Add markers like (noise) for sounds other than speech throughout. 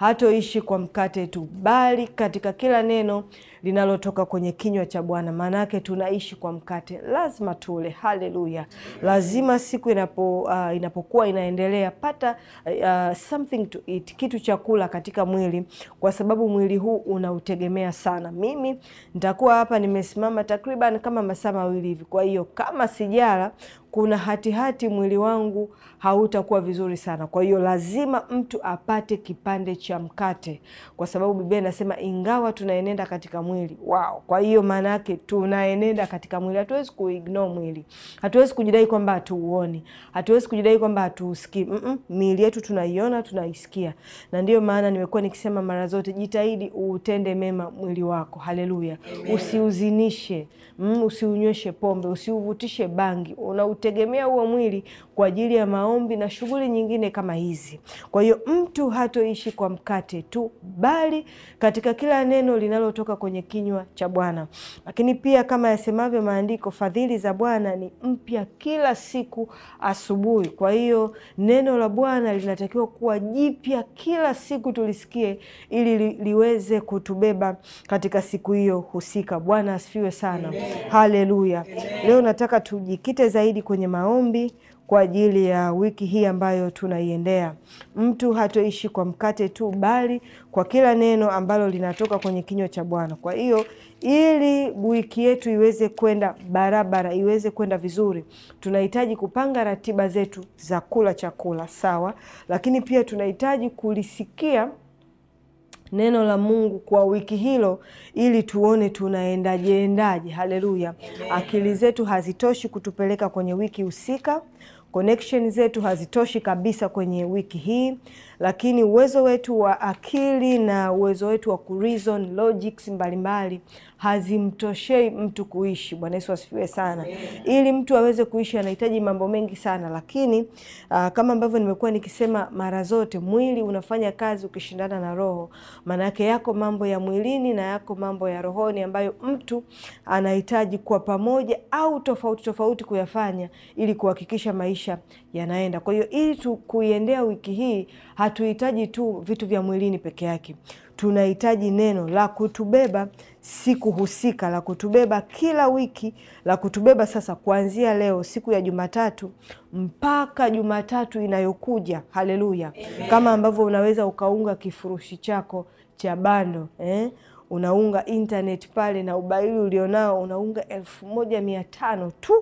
hatoishi kwa mkate tu, bali katika kila neno linalotoka kwenye kinywa cha Bwana. maanaake tunaishi kwa mkate, lazima tule. Haleluya! Lazima siku inapo, uh, inapokuwa inaendelea pata uh, something to eat, kitu cha kula katika mwili, kwa sababu mwili huu unautegemea sana. Mimi nitakuwa hapa nimesimama takriban kama masaa mawili hivi, kwa hiyo kama sijala, kuna hatihati hati mwili wangu hautakuwa vizuri sana. Kwa hiyo lazima mtu apate kipande cha mkate, kwa sababu Biblia inasema ingawa tunaenenda katika mwili wao. Kwa hiyo maana yake tunaenenda katika mwili, hatuwezi kuignore mwili, hatuwezi kujidai kwamba hatuuoni, hatuwezi kujidai kwamba hatuusikii. mm -mm, miili yetu tunaiona, tunaisikia, na ndiyo maana nimekuwa nikisema mara zote, jitahidi uutende mema mwili wako. Haleluya! Usiuzinishe, mm, usiunyweshe pombe, usiuvutishe bangi. Unautegemea huo mwili kwa ajili ya maoni maombi na shughuli nyingine kama hizi. Kwa hiyo mtu hatoishi kwa mkate tu, bali katika kila neno linalotoka kwenye kinywa cha Bwana. Lakini pia kama yasemavyo maandiko, fadhili za Bwana ni mpya kila siku asubuhi. Kwa hiyo neno la Bwana linatakiwa kuwa jipya kila siku tulisikie, ili li, liweze kutubeba katika siku hiyo husika. Bwana asifiwe sana, haleluya. Leo nataka tujikite zaidi kwenye maombi kwa ajili ya wiki hii ambayo tunaiendea. Mtu hatoishi kwa mkate tu, bali kwa kila neno ambalo linatoka kwenye kinywa cha Bwana. Kwa hiyo ili wiki yetu iweze kwenda barabara, iweze kwenda vizuri, tunahitaji kupanga ratiba zetu za kula chakula sawa, lakini pia tunahitaji kulisikia neno la Mungu kwa wiki hilo ili tuone tunaendaje endaje. Haleluya! Akili zetu hazitoshi kutupeleka kwenye wiki husika connection zetu hazitoshi kabisa kwenye wiki hii lakini uwezo wetu wa akili na uwezo wetu wa kureason logics mbalimbali hazimtoshei mtu kuishi. Bwana Yesu asifiwe sana. Ili mtu aweze kuishi anahitaji mambo mengi sana, lakini uh, kama ambavyo nimekuwa nikisema mara zote, mwili unafanya kazi ukishindana na roho. Maana yake yako mambo ya mwilini na yako mambo ya rohoni ambayo mtu anahitaji kwa pamoja au tofauti tofauti kuyafanya ili kuhakikisha maisha yanaenda. Kwa hiyo ili kuiendea wiki hii, hatuhitaji tu vitu vya mwilini peke yake, tunahitaji neno la kutubeba siku husika, la kutubeba kila wiki, la kutubeba sasa, kuanzia leo siku ya Jumatatu mpaka Jumatatu inayokuja. Haleluya! Kama ambavyo unaweza ukaunga kifurushi chako cha bando eh? Unaunga intaneti pale na ubaili ulionao unaunga elfu moja mia tano tu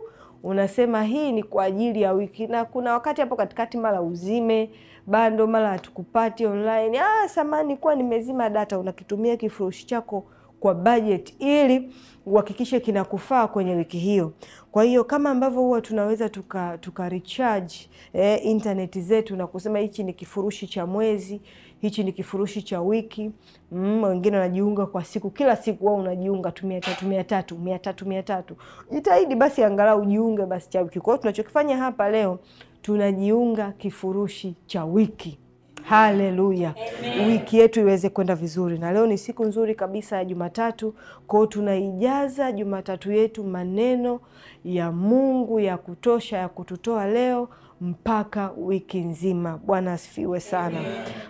unasema hii ni kwa ajili ya wiki, na kuna wakati hapo katikati mara uzime bando, mara hatukupati online. Ah, samani kuwa nimezima data. Unakitumia kifurushi chako kwa budget ili uhakikishe kinakufaa kwenye wiki hiyo. Kwa hiyo kama ambavyo huwa tunaweza tuka, tuka recharge eh, internet zetu na kusema hichi ni kifurushi cha mwezi hichi ni kifurushi cha wiki mm, wengine wanajiunga kwa siku, kila siku wao unajiunga tu mia tatu mia tatu mia tatu mia tatu Jitahidi basi angalau ujiunge basi cha wiki. Kwa hiyo tunachokifanya hapa leo tunajiunga kifurushi cha wiki. Haleluya, wiki yetu iweze kwenda vizuri. Na leo ni siku nzuri kabisa ya Jumatatu, kwao tunaijaza Jumatatu yetu maneno ya Mungu ya kutosha ya kututoa leo mpaka wiki nzima. Bwana asifiwe sana.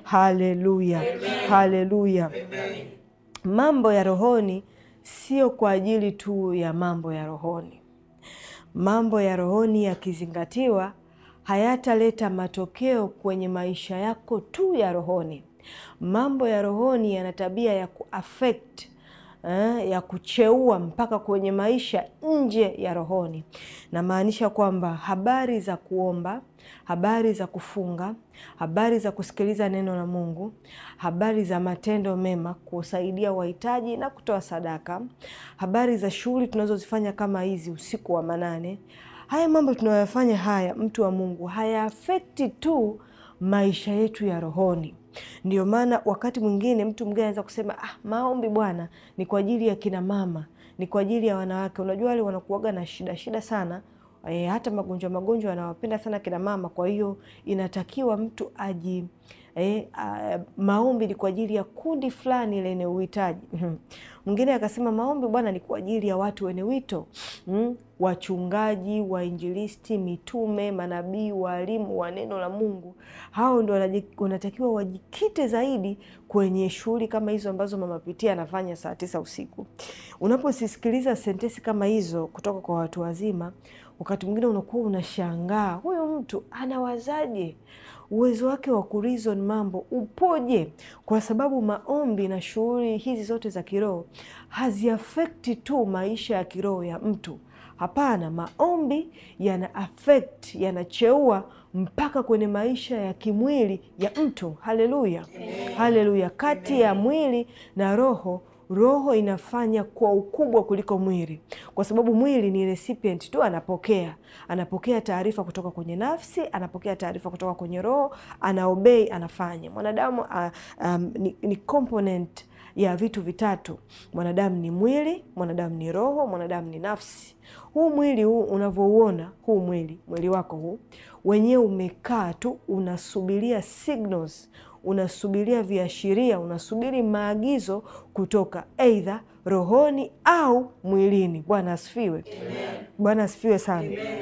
Haleluya, haleluya. Mambo ya rohoni sio kwa ajili tu ya mambo ya rohoni. Mambo ya rohoni yakizingatiwa hayataleta matokeo kwenye maisha yako tu ya rohoni. Mambo ya rohoni yana tabia ya kuafekti eh, ya kucheua mpaka kwenye maisha nje ya rohoni. Namaanisha kwamba habari za kuomba, habari za kufunga, habari za kusikiliza neno la Mungu, habari za matendo mema, kusaidia wahitaji na kutoa sadaka, habari za shughuli tunazozifanya kama hizi usiku wa manane. Haya mambo tunayoyafanya haya, mtu wa Mungu, hayaafekti tu maisha yetu ya rohoni ndio maana wakati mwingine mtu mgeni anaweza kusema ah, maombi bwana ni kwa ajili ya kina mama, ni kwa ajili ya wanawake. Unajua wale wanakuaga na shida shida sana E, hata magonjwa magonjwa yanawapenda sana kina mama. Kwa hiyo inatakiwa mtu aji eh, uh, maombi ni kwa ajili ya kundi fulani lenye uhitaji. Mhm. Mwingine akasema maombi bwana ni kwa ajili ya watu wenye wito mm, wachungaji, wainjilisti, mitume, manabii, waalimu wa neno la Mungu. Hao ndio wanatakiwa wajikite zaidi kwenye shughuli kama hizo ambazo Mama Pitia anafanya saa tisa usiku. Unaposisikiliza sentensi kama hizo kutoka kwa watu wazima, wakati mwingine unakuwa unashangaa huyu mtu anawazaje? uwezo wake wa kurizon mambo upoje, kwa sababu maombi na shughuli hizi zote za kiroho haziafekti tu maisha ya kiroho ya mtu. Hapana, maombi yana affect, yanacheua mpaka kwenye maisha ya kimwili ya mtu. Haleluya, haleluya! Kati ya mwili na roho roho inafanya kwa ukubwa kuliko mwili, kwa sababu mwili ni recipient tu, anapokea anapokea taarifa kutoka kwenye nafsi, anapokea taarifa kutoka kwenye roho, anaobei, anafanya. Mwanadamu uh, um, ni, ni component ya vitu vitatu. Mwanadamu ni mwili, mwanadamu ni roho, mwanadamu ni nafsi. Huu mwili huu unavyouona, huu mwili mwili wako huu wenyewe umekaa tu, unasubiria signals unasubiria viashiria, unasubiri maagizo kutoka aidha rohoni au mwilini. Bwana asifiwe, Bwana asifiwe sana Amen.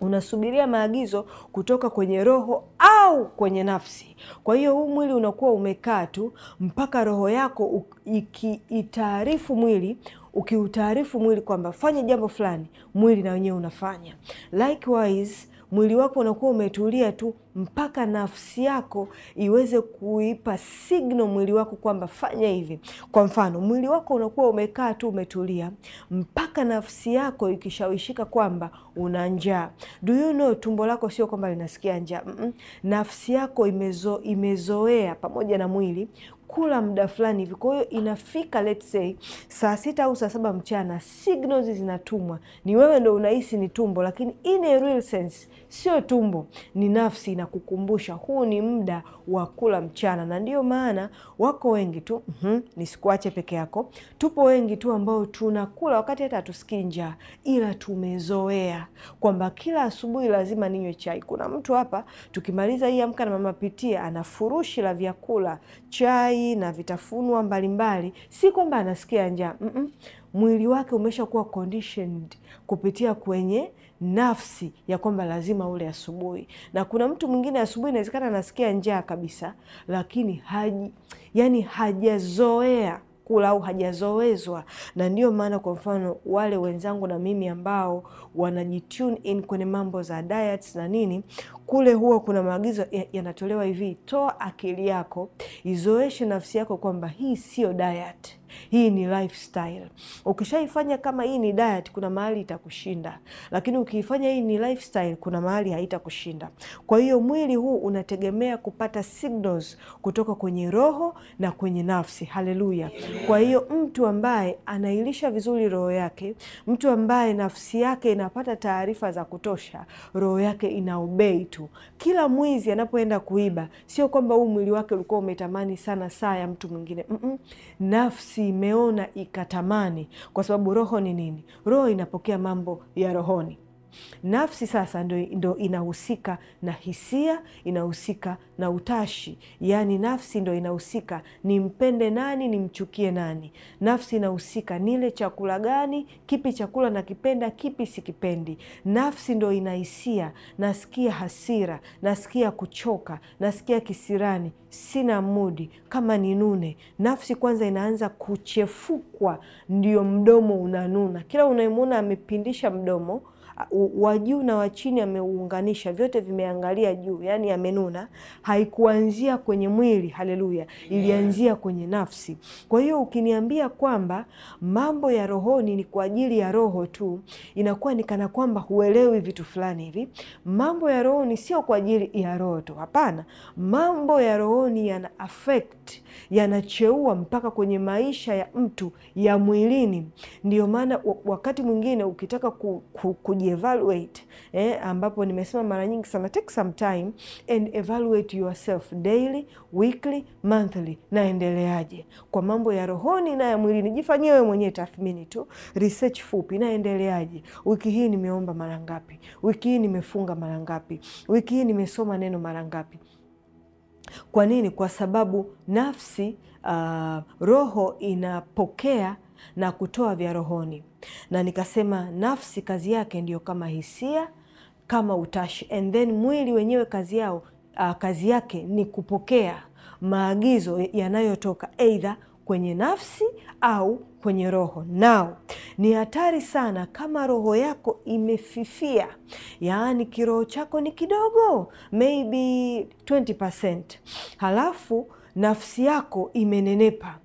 Unasubiria maagizo kutoka kwenye roho au kwenye nafsi. Kwa hiyo huu mwili unakuwa umekaa tu mpaka roho yako ikiitaarifu mwili ukiutaarifu mwili kwamba fanya jambo fulani, mwili na wenyewe unafanya likewise mwili wako unakuwa umetulia tu mpaka nafsi yako iweze kuipa signal mwili wako kwamba fanya hivi. Kwa mfano, mwili wako unakuwa umekaa tu umetulia mpaka nafsi yako ikishawishika kwamba una njaa. Do you know, tumbo lako sio kwamba linasikia njaa mm -mm. Nafsi yako imezo, imezoea pamoja na mwili kula muda fulani hivi. Kwa hiyo inafika let's say saa sita au saa saba mchana, signals zinatumwa, ni wewe ndo unahisi ni tumbo, lakini in a real sense sio tumbo, ni nafsi inakukumbusha huu ni muda wa kula mchana. Na ndiyo maana wako wengi tu mm -hmm, nisikuache peke yako, tupo wengi tu ambao tunakula wakati hata hatusikii njaa, ila tumezoea kwamba kila asubuhi lazima ninywe chai. Kuna mtu hapa tukimaliza hii Amka na Mama Pitia ana furushi la vyakula chai mayai na vitafunwa mbalimbali, si kwamba anasikia njaa mm -mm. Mwili wake umeshakuwa conditioned kupitia kwenye nafsi ya kwamba lazima ule asubuhi. Na kuna mtu mwingine asubuhi inawezekana anasikia njaa kabisa, lakini haji, yani hajazoea kula au hajazoezwa. Na ndiyo maana kwa mfano wale wenzangu na mimi ambao wanajitune in kwenye mambo za diets na nini, kule huwa kuna maagizo yanatolewa hivi: toa akili yako, izoeshe nafsi yako kwamba hii siyo diet hii ni lifestyle. Ukishaifanya kama hii ni diet, kuna mahali itakushinda, lakini ukiifanya hii ni lifestyle, kuna mahali haitakushinda. Kwa hiyo mwili huu unategemea kupata signals kutoka kwenye roho na kwenye nafsi. Haleluya! Kwa hiyo mtu ambaye anailisha vizuri roho yake, mtu ambaye nafsi yake inapata taarifa za kutosha, roho yake inaobei tu. Kila mwizi anapoenda kuiba, sio kwamba huu mwili wake ulikuwa umetamani sana saa ya mtu mwingine. Mm -mm. nafsi imeona ikatamani, kwa sababu roho ni nini? Roho inapokea mambo ya rohoni. Nafsi sasa ndo, ndo inahusika na hisia, inahusika na utashi, yaani nafsi ndo inahusika nimpende nani, nimchukie nani. Nafsi inahusika nile chakula gani, kipi chakula nakipenda, kipi sikipendi. Nafsi ndo inahisia nasikia hasira, nasikia kuchoka, nasikia kisirani, sina mudi, kama ni nune Nafsi kwanza inaanza kuchefukwa, ndio mdomo unanuna. Kila unayemwona amepindisha mdomo wa juu na wa chini ameuunganisha, vyote vimeangalia juu, yani amenuna. Haikuanzia kwenye mwili, haleluya, ilianzia kwenye nafsi. Kwa hiyo ukiniambia kwamba mambo ya rohoni ni kwa ajili ya roho tu, inakuwa ni kana kwamba huelewi vitu fulani hivi. Mambo ya rohoni sio kwa ajili ya roho tu, hapana. Mambo ya rohoni yana affect yanacheua mpaka kwenye maisha ya mtu ya mwilini. Ndio maana wakati mwingine ukitaka ku, ku, kujievaluate eh, ambapo nimesema mara nyingi sana take some time and evaluate yourself daily, weekly, monthly, naendeleaje kwa mambo ya rohoni na ya mwilini. Jifanyie wewe mwenyewe tathmini tu, research fupi, naendeleaje? Wiki hii nimeomba mara ngapi? Wiki hii nimefunga mara ngapi? Wiki hii nimesoma neno mara ngapi? Kwa nini? Kwa sababu nafsi uh, roho inapokea na kutoa vya rohoni, na nikasema nafsi kazi yake ndiyo kama hisia, kama utashi, and then mwili wenyewe kazi yao uh, kazi yake ni kupokea maagizo yanayotoka eidha kwenye nafsi au kwenye roho. Nao ni hatari sana kama roho yako imefifia, yaani kiroho chako ni kidogo, maybe 20%, halafu nafsi yako imenenepa.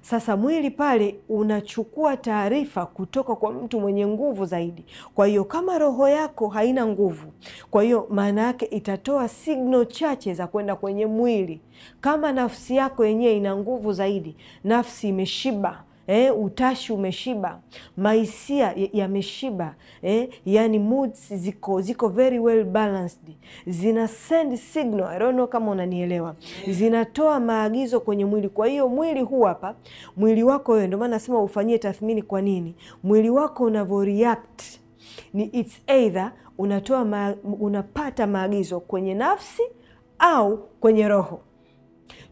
Sasa mwili pale unachukua taarifa kutoka kwa mtu mwenye nguvu zaidi. Kwa hiyo kama roho yako haina nguvu, kwa hiyo maana yake itatoa signal chache za kwenda kwenye mwili. Kama nafsi yako yenyewe ina nguvu zaidi, nafsi imeshiba eh, utashi umeshiba, mahisia yameshiba eh, yani moods ziko ziko very well balanced, zina send signal. I don't know kama unanielewa, zinatoa maagizo kwenye mwili. Kwa hiyo mwili huu hapa, mwili wako wewe, ndio maana nasema ufanyie tathmini. Kwa nini mwili wako unavyo react ni it's either unatoa ma, unapata maagizo kwenye nafsi au kwenye roho.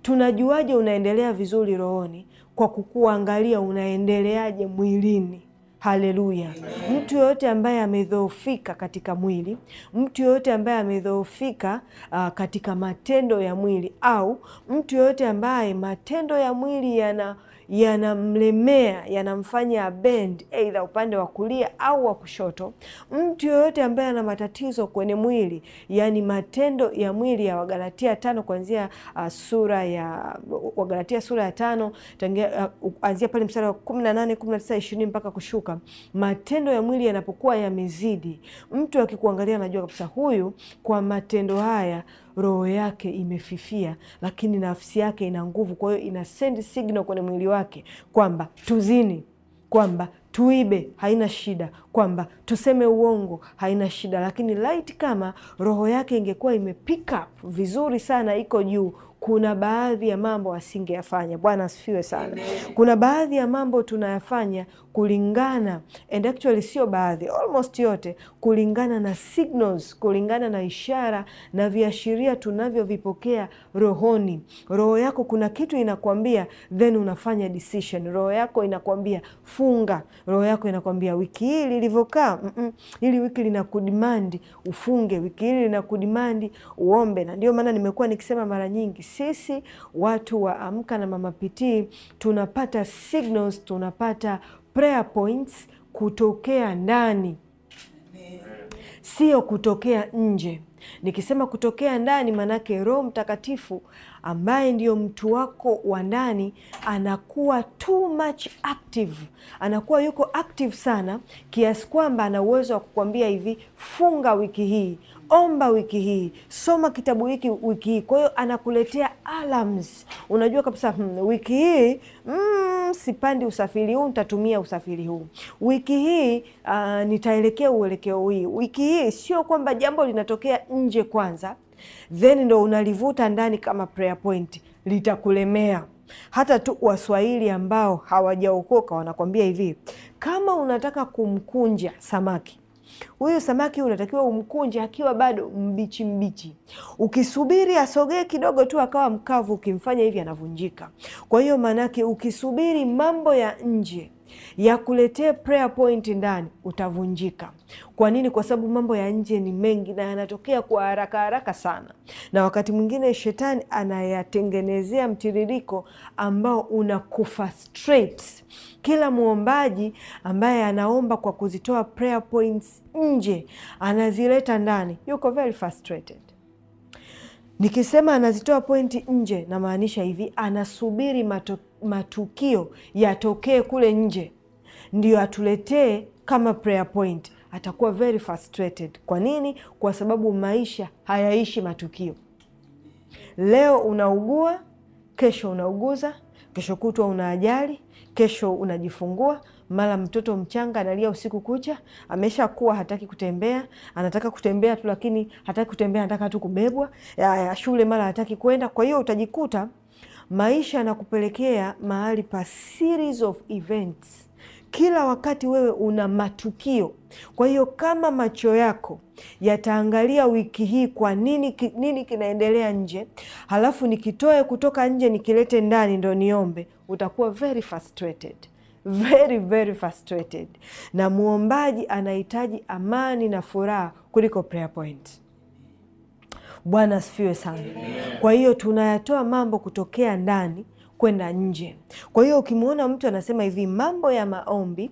Tunajuaje unaendelea vizuri rohoni? kwa kukuangalia unaendeleaje mwilini. Haleluya! Mtu yoyote ambaye amedhoofika katika mwili, mtu yoyote ambaye amedhoofika uh, katika matendo ya mwili, au mtu yoyote ambaye matendo ya mwili yana yanamlemea, yanamfanya abend aidha upande wa kulia au wa kushoto. Mtu yoyote ambaye ana matatizo kwenye mwili, yani matendo ya mwili ya Wagalatia tano kuanzia uh, sura ya Wagalatia sura ya tano tangia uh, anzia pale mstari wa na tisa ishirini mpaka kushuka. Matendo ya mwili yanapokuwa yamezidi, mtu akikuangalia anajua kabisa huyu kwa matendo haya roho yake imefifia, lakini nafsi yake ina nguvu. Kwa hiyo ina send signal kwenye mwili wake kwamba tuzini, kwamba tuibe haina shida, kwamba tuseme uongo haina shida. Lakini laiti kama roho yake ingekuwa ime pick up vizuri sana, iko juu, kuna baadhi ya mambo asingeyafanya. Bwana asifiwe sana Kuna baadhi ya mambo tunayafanya kulingana and actually sio baadhi, almost yote kulingana na signals, kulingana na ishara na viashiria tunavyovipokea rohoni. Roho yako kuna kitu inakwambia, then unafanya decision. Roho yako inakwambia funga, roho yako inakwambia wiki hii lilivyokaa, mm -mm. Hili wiki kudimandi ufunge, wiki hili kudimandi uombe, na ndio maana nimekuwa nikisema mara nyingi sisi watu wa Amka na Mama Pitii tunapata signals, tunapata prayer points kutokea ndani, sio kutokea nje. Nikisema kutokea ndani, maanake Roho Mtakatifu ambaye ndiyo mtu wako wa ndani anakuwa too much active, anakuwa yuko active sana kiasi kwamba ana uwezo wa kukwambia hivi, funga wiki hii omba wiki hii, soma kitabu hiki wiki hii. Kwa hiyo anakuletea alarms, unajua kabisa hmm, wiki hii mm, sipandi usafiri huu, nitatumia usafiri huu. Wiki hii uh, nitaelekea uelekeo hii. Wiki hii sio kwamba jambo linatokea nje kwanza then ndo unalivuta ndani kama prayer point, litakulemea hata tu Waswahili ambao hawajaokoka wanakwambia hivi, kama unataka kumkunja samaki Huyu samaki unatakiwa umkunje akiwa bado mbichi mbichi. Ukisubiri asogee kidogo tu akawa mkavu, ukimfanya hivi anavunjika. Kwa hiyo maanake, ukisubiri mambo ya nje ya kuletea prayer point ndani utavunjika. Kwa nini? Kwa sababu mambo ya nje ni mengi na yanatokea kwa haraka haraka sana, na wakati mwingine shetani anayatengenezea mtiririko ambao una straight kila mwombaji ambaye anaomba kwa kuzitoa prayer points nje anazileta ndani, yuko very frustrated. Nikisema anazitoa pointi nje, namaanisha hivi, anasubiri mato, matukio yatokee kule nje ndio atuletee kama prayer point. Atakuwa very frustrated. Kwa nini? Kwa sababu maisha hayaishi matukio. Leo unaugua, kesho unauguza kesho kutwa una ajali, kesho unajifungua, mara mtoto mchanga analia usiku kucha, ameshakuwa hataki kutembea, anataka kutembea tu, lakini hataki kutembea, anataka tu kubebwa. Shule mara hataki kwenda. Kwa hiyo utajikuta maisha yanakupelekea mahali pa series of events kila wakati wewe una matukio. Kwa hiyo kama macho yako yataangalia wiki hii kwa nini, ki, nini kinaendelea nje, halafu nikitoe kutoka nje nikilete ndani ndo niombe, utakuwa very frustrated very very frustrated. Na mwombaji anahitaji amani na furaha kuliko prayer point. Bwana asifiwe sana. Kwa hiyo tunayatoa mambo kutokea ndani kwenda nje. Kwa hiyo ukimwona mtu anasema hivi mambo ya maombi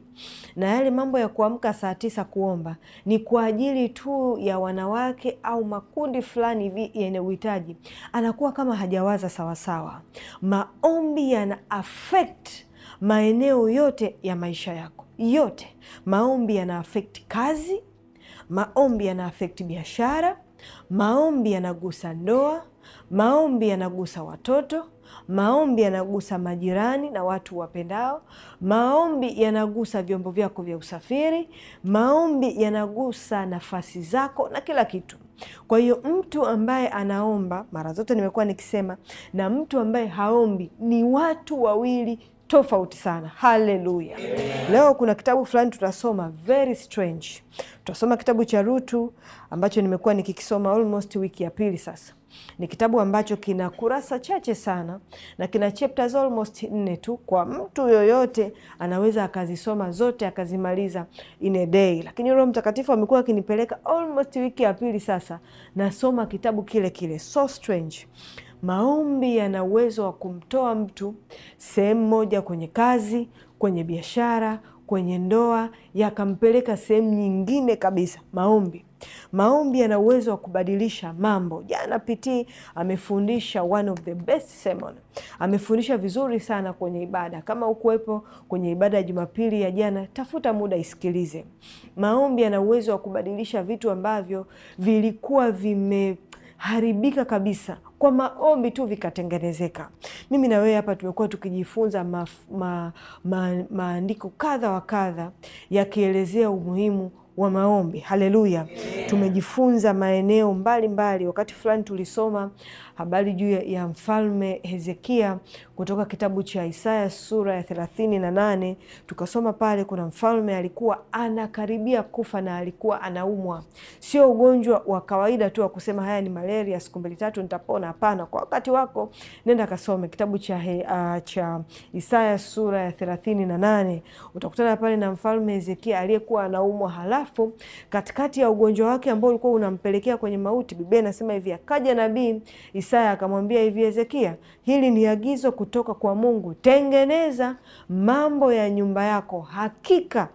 na yale mambo ya kuamka saa tisa kuomba ni kwa ajili tu ya wanawake au makundi fulani hivi yenye uhitaji, anakuwa kama hajawaza sawasawa. Maombi yana affect maeneo yote ya maisha yako yote. Maombi yana affect kazi, maombi yana affect biashara, maombi yanagusa ndoa, maombi yanagusa watoto Maombi yanagusa majirani na watu wapendao. Maombi yanagusa vyombo vyako vya usafiri. Maombi yanagusa nafasi zako na kila kitu. Kwa hiyo mtu ambaye anaomba, mara zote nimekuwa nikisema, na mtu ambaye haombi ni watu wawili tofauti sana. Haleluya! Leo kuna kitabu fulani tutasoma, very strange. Tutasoma kitabu cha Rutu ambacho nimekuwa nikikisoma almost wiki ya pili sasa ni kitabu ambacho kina kurasa chache sana na kina chapters almost nne tu. Kwa mtu yoyote anaweza akazisoma zote akazimaliza in a day, lakini Roho Mtakatifu amekuwa akinipeleka almost wiki ya pili sasa, nasoma kitabu kile kile so strange. Maombi yana uwezo wa kumtoa mtu sehemu moja kwenye kazi, kwenye biashara, kwenye ndoa, yakampeleka sehemu nyingine kabisa. Maombi Maombi yana uwezo wa kubadilisha mambo. Jana PT amefundisha one of the best sermon, amefundisha vizuri sana kwenye ibada. Kama ukuwepo kwenye ibada ya Jumapili ya jana, tafuta muda isikilize. Maombi yana uwezo wa kubadilisha vitu ambavyo vilikuwa vimeharibika kabisa kwa maombi tu vikatengenezeka. Mimi na wewe hapa tumekuwa tukijifunza ma, ma, ma, maandiko kadha wa kadha yakielezea umuhimu wa maombi. Haleluya, tumejifunza maeneo mbalimbali mbali. Wakati fulani tulisoma habari juu ya mfalme Hezekia kutoka kitabu cha Isaya sura ya thelathini na nane tukasoma pale, kuna mfalme alikuwa anakaribia kufa na alikuwa anaumwa, sio ugonjwa wa kawaida tu wa kusema haya ni malaria, siku mbili tatu nitapona. Hapana, kwa wakati wako nenda kasome kitabu cha, he, uh, cha Isaya sura ya thelathini na nane utakutana pale na mfalme Hezekia aliyekuwa anaumwa, halafu katikati ya ugonjwa wake ambao ulikuwa unampelekea kwenye mauti, Biblia inasema hivi akaja nabii Isaya akamwambia hivi, Hezekia, hili ni agizo kutoka kwa Mungu, tengeneza mambo ya nyumba yako, hakika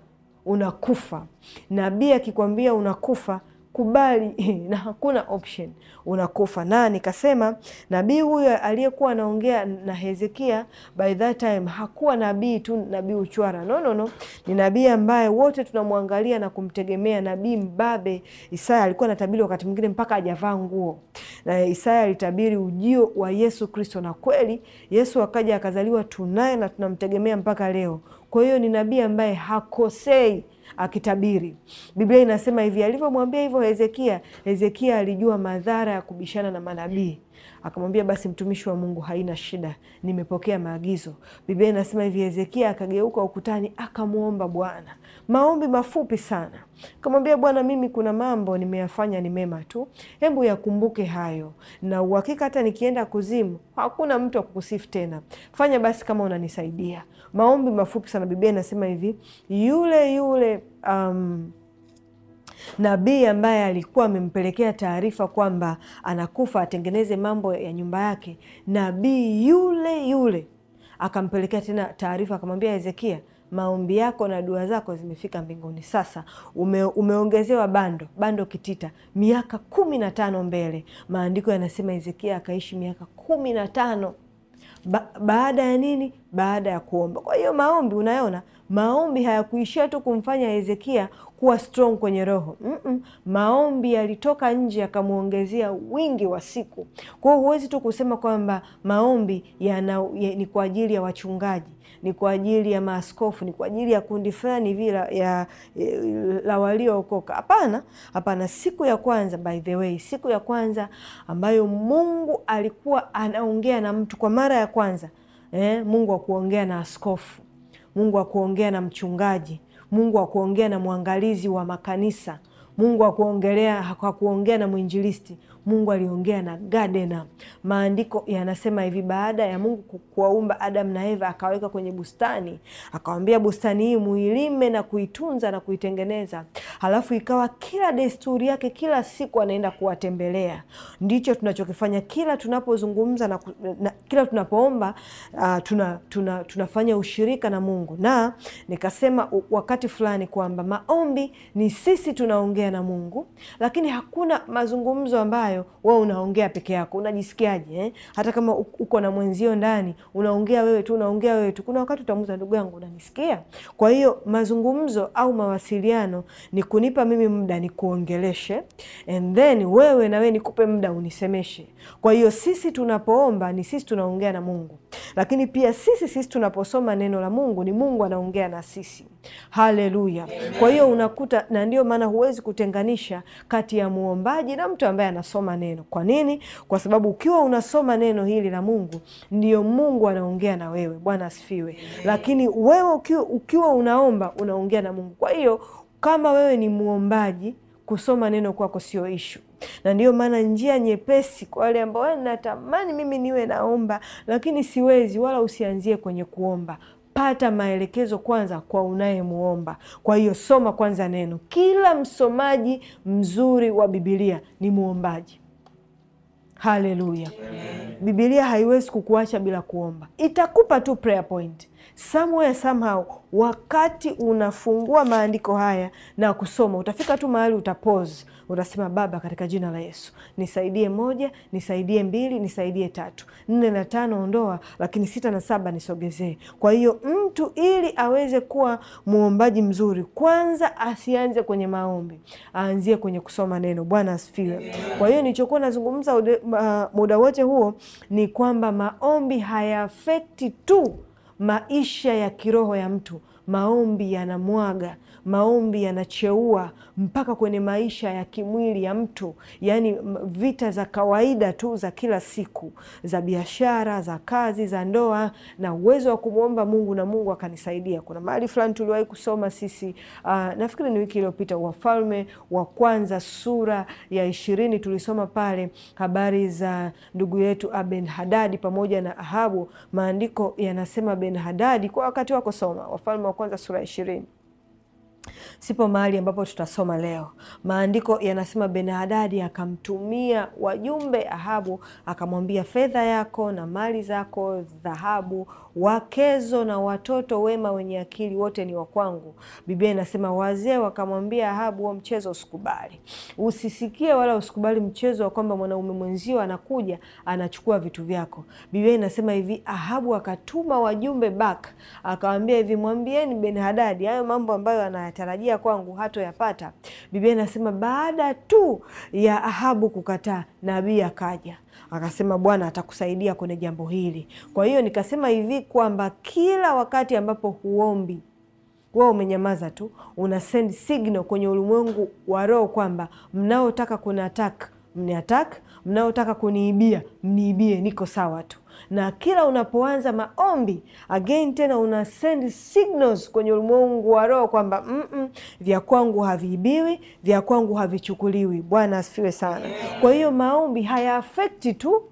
unakufa. Nabii akikwambia unakufa, kubali (laughs) na hakuna option, unakufa. Na nikasema nabii huyo aliyekuwa anaongea na Hezekia by that time hakuwa nabii tu, nabii uchwara, no, no, no, ni nabii ambaye wote tunamwangalia na kumtegemea, nabii mbabe. Isaya alikuwa anatabiri wakati mwingine mpaka hajavaa nguo, na Isaya alitabiri ujio wa Yesu Kristo, na kweli Yesu akaja akazaliwa, tunaye na tunamtegemea mpaka leo. Kwa hiyo ni nabii ambaye hakosei akitabiri. Biblia inasema hivi, alivyomwambia hivyo Hezekia, Hezekia alijua madhara ya kubishana na manabii akamwambia basi, mtumishi wa Mungu, haina shida, nimepokea maagizo. Biblia inasema hivi, Hezekia akageuka ukutani akamwomba Bwana maombi mafupi sana, akamwambia Bwana, mimi kuna mambo nimeyafanya ni mema tu, hebu yakumbuke hayo, na uhakika hata nikienda kuzimu hakuna mtu akukusifu tena. Fanya basi kama unanisaidia. Maombi mafupi sana. Biblia inasema hivi, yule yule um, nabii ambaye alikuwa amempelekea taarifa kwamba anakufa atengeneze mambo ya nyumba yake, nabii yule yule akampelekea tena taarifa akamwambia Hezekia, maombi yako na dua zako zimefika mbinguni. Sasa ume, umeongezewa bando bando kitita miaka kumi na tano mbele. Maandiko yanasema Hezekia akaishi miaka kumi na tano ba, baada ya nini? Baada ya kuomba. Kwa hiyo maombi, unaona maombi hayakuishia tu kumfanya Hezekia kuwa strong kwenye roho mm -mm. Maombi yalitoka nje yakamwongezea wingi wa siku. Kwa hiyo huwezi tu kusema kwamba maombi ya na, ya, ni kwa ajili ya wachungaji ni kwa ajili ya maaskofu, ni kwa ajili ya kundi fulani vile la waliookoka. Hapana, hapana. Siku ya kwanza, by the way, siku ya kwanza ambayo Mungu alikuwa anaongea na mtu kwa mara ya kwanza eh, Mungu akuongea na askofu, Mungu akuongea na mchungaji, Mungu akuongea na mwangalizi wa makanisa Mungu akuongelea hakuongea na mwinjilisti. Mungu aliongea na Gadena. Maandiko yanasema hivi, baada ya Mungu kuwaumba Adam na Eva akaweka kwenye bustani, akawambia bustani hii muilime na kuitunza na kuitengeneza. Halafu ikawa kila desturi yake, kila siku anaenda kuwatembelea. Ndicho tunachokifanya kila tunapozungumza na, na kila tunapoomba uh, tuna, tuna, tunafanya ushirika na Mungu, na nikasema wakati fulani kwamba maombi ni sisi tunaongea na Mungu, lakini hakuna mazungumzo ambayo ambayo wewe unaongea peke yako, unajisikiaje eh? Hata kama uko na mwenzio ndani, unaongea wewe tu, unaongea wewe tu. Kuna wakati utamuza ndugu yangu, unanisikia? Kwa hiyo mazungumzo au mawasiliano ni kunipa mimi muda nikuongeleshe, and then wewe na wewe nikupe muda unisemeshe. Kwa hiyo sisi tunapoomba ni sisi tunaongea na Mungu, lakini pia sisi sisi tunaposoma neno la Mungu ni Mungu anaongea na sisi. Haleluya! Kwa hiyo unakuta, na ndio maana huwezi kutenganisha kati ya muombaji na mtu ambaye anasoma unasoma neno. Kwa nini? Kwa sababu ukiwa unasoma neno hili la Mungu, ndiyo Mungu anaongea na wewe. Bwana asifiwe. Lakini wewe ukiwa, ukiwa unaomba unaongea na Mungu. Kwa hiyo kama wewe ni mwombaji kusoma neno kwako sio ishu na ndiyo maana njia nyepesi kwa wale ambao natamani mimi niwe naomba lakini siwezi, wala usianzie kwenye kuomba pata maelekezo kwanza kwa unayemuomba. Kwa hiyo soma kwanza neno. Kila msomaji mzuri wa Bibilia ni muombaji. Haleluya! Bibilia haiwezi kukuacha bila kuomba, itakupa tu prayer point somewhere somehow. Wakati unafungua maandiko haya na kusoma, utafika tu mahali utapos utasema Baba, katika jina la Yesu nisaidie moja, nisaidie mbili, nisaidie tatu, nne na tano ondoa, lakini sita na saba nisogezee. Kwa hiyo mtu ili aweze kuwa mwombaji mzuri, kwanza asianze kwenye maombi, aanzie kwenye kusoma neno. Bwana asifiwe. Kwa hiyo nilichokuwa nazungumza muda wote huo ni kwamba maombi hayaafekti tu maisha ya kiroho ya mtu, maombi yanamwaga maombi yanacheua mpaka kwenye maisha ya kimwili ya mtu, yaani vita za kawaida tu za kila siku, za biashara, za kazi, za ndoa, na uwezo wa kumwomba Mungu na Mungu akanisaidia. Kuna mahali fulani tuliwahi kusoma sisi, uh, nafikiri ni wiki iliyopita, Wafalme wa Kwanza sura ya ishirini, tulisoma pale habari za ndugu yetu aben Hadadi pamoja na Ahabu. Maandiko yanasema Ben Hadadi kwa wakati wako soma Wafalme wa Kwanza sura ya ishirini. Sipo mahali ambapo tutasoma leo. Maandiko yanasema Benhadadi akamtumia wajumbe Ahabu, akamwambia fedha yako na mali zako, dhahabu wakezo na watoto wema wenye akili wote ni wakwangu. Biblia inasema wazee wakamwambia Ahabu, huo mchezo usikubali, usisikie wala usikubali mchezo wa kwamba mwanaume mwenzio anakuja anachukua vitu vyako. Biblia inasema hivi, Ahabu akatuma wajumbe bak, akawambia hivi, mwambieni Benhadadi hayo mambo ambayo anayatarajia kwangu hatoyapata. Biblia inasema baada tu ya Ahabu kukataa, nabii akaja akasema, Bwana atakusaidia kwenye jambo hili. Kwa hiyo nikasema hivi kwamba kila wakati ambapo huombi wa umenyamaza tu, una send signal kwenye ulimwengu wa roho kwamba mnaotaka kuna atak mni atak mnaotaka kuniibia mniibie, niko sawa tu. Na kila unapoanza maombi again tena una send signals kwenye ulimwengu wa roho kwamba mm -mm, vya kwangu haviibiwi, vya kwangu havichukuliwi. Bwana asifiwe sana. Kwa hiyo maombi hayaafekti tu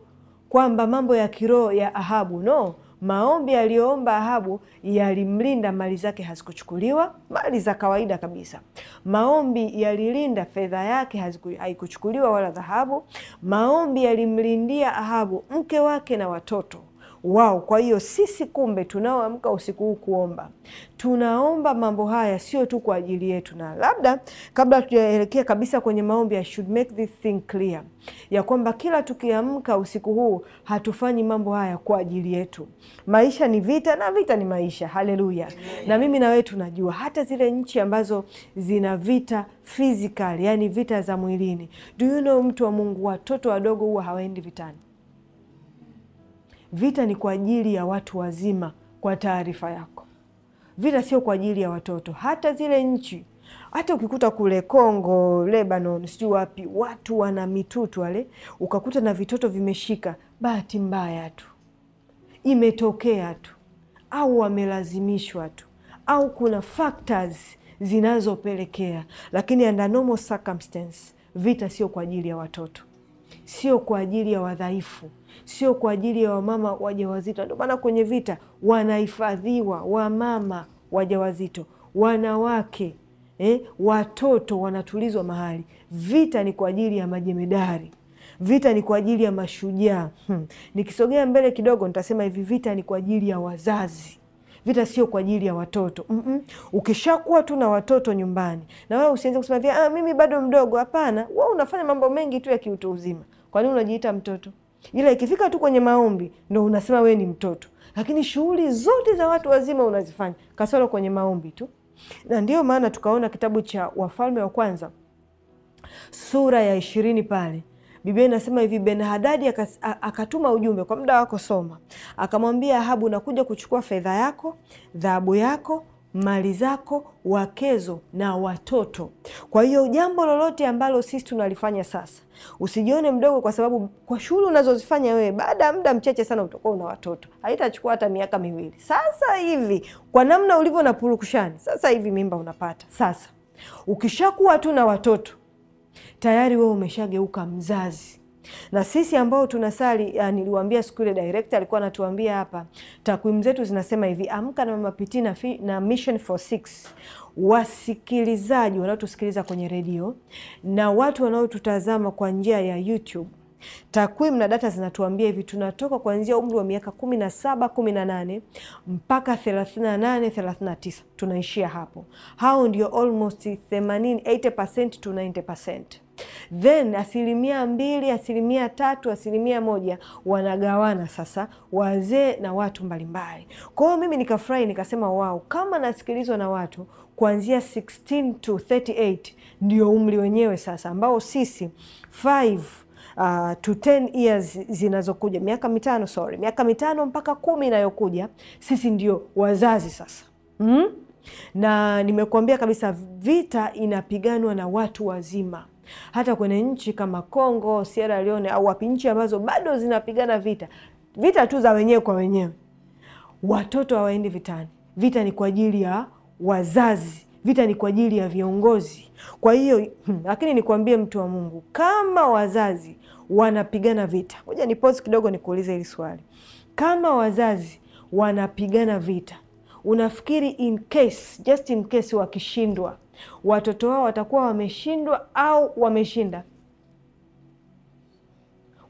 kwamba mambo ya kiroho ya Ahabu, no maombi aliyoomba Ahabu yalimlinda, mali zake hazikuchukuliwa, mali za kawaida kabisa. Maombi yalilinda fedha yake, haikuchukuliwa wala dhahabu. Maombi yalimlindia Ahabu mke wake na watoto wao. Kwa hiyo sisi kumbe tunaoamka usiku huu kuomba, tunaomba mambo haya sio tu kwa ajili yetu. Na labda kabla tujaelekea kabisa kwenye maombi, I should make this thing clear ya kwamba kila tukiamka usiku huu hatufanyi mambo haya kwa ajili yetu. Maisha ni vita na vita ni maisha. Haleluya! Na mimi na wewe tunajua hata zile nchi ambazo zina vita physical, yani vita za mwilini. Do you know, mtu wa Mungu, watoto wadogo huwa hawaendi vitani Vita ni kwa ajili ya watu wazima, kwa taarifa yako. Vita sio kwa ajili ya watoto. Hata zile nchi, hata ukikuta kule Kongo, Lebanon, sijui wapi, watu wana mitutu wale, ukakuta na vitoto vimeshika, bahati mbaya tu, imetokea tu, au wamelazimishwa tu, au kuna factors zinazopelekea, lakini under normal circumstance, vita sio kwa ajili ya watoto, sio kwa ajili ya wadhaifu sio kwa ajili ya wamama wajawazito. Ndio maana kwenye vita wanahifadhiwa wamama wajawazito, wanawake eh, watoto wanatulizwa mahali. Vita ni kwa ajili ya majemedari, vita ni kwa ajili ya mashujaa. Hmm. Nikisogea mbele kidogo nitasema hivi, vita ni kwa ajili ya wazazi vita sio kwa ajili ya watoto mm -mm. Ukishakuwa tu na watoto nyumbani, na wewe usianze kusema vya ah, mimi bado mdogo. Hapana, wewe unafanya mambo mengi tu ya kiutu uzima. Kwa nini unajiita mtoto? ila ikifika tu kwenye maombi ndo unasema wewe ni mtoto, lakini shughuli zote za watu wazima unazifanya kasoro kwenye maombi tu. Na ndiyo maana tukaona kitabu cha Wafalme wa Kwanza sura ya ishirini pale Biblia inasema hivi, benhadadi akatuma ujumbe kwa muda wako soma, akamwambia Ahabu, nakuja kuchukua fedha yako, dhahabu yako mali zako, wakezo na watoto. Kwa hiyo jambo lolote ambalo sisi tunalifanya sasa, usijione mdogo, kwa sababu kwa shughuli unazozifanya wewe, baada ya muda mchache sana utakuwa una watoto. Haitachukua hata miaka miwili. Sasa hivi kwa namna ulivyo na purukushani, sasa hivi mimba unapata. Sasa ukishakuwa tu na watoto tayari, wewe umeshageuka mzazi na sisi ambao tunasali uh, niliwaambia siku ile director alikuwa anatuambia hapa, takwimu zetu zinasema hivi, amka na mama Piti na, fi, na Mission for Six, wasikilizaji wanaotusikiliza kwenye redio na watu wanaotutazama kwa njia ya YouTube takwimu na data zinatuambia hivi, tunatoka kuanzia umri wa miaka 17 18 mpaka 38 39, tunaishia hapo. Hao ndio almost 80% to 90% then asilimia mbili, asilimia tatu, asilimia moja wanagawana sasa wazee na watu mbalimbali. Kwa hiyo mimi nikafurahi, nikasema wao, kama nasikilizwa na watu kuanzia 16 to 38 ndio umri wenyewe sasa ambao sisi 5 Uh, to 10 years zinazokuja miaka mitano sorry, miaka mitano mpaka kumi inayokuja sisi ndio wazazi sasa mm? Na nimekuambia kabisa vita inapiganwa na watu wazima. Hata kwenye nchi kama kongo Sierra Leone au wapi, nchi ambazo bado zinapigana vita, vita tu za wenyewe kwa wenyewe, watoto hawaendi vitani. Vita ni kwa ajili ya wazazi vita ni kwa ajili ya viongozi. Kwa hiyo hmm, lakini nikwambie mtu wa Mungu, kama wazazi wanapigana vita, ngoja ni pause kidogo nikuulize hili swali. Kama wazazi wanapigana vita, unafikiri in case, just in case wakishindwa, watoto wao watakuwa wameshindwa au wameshinda?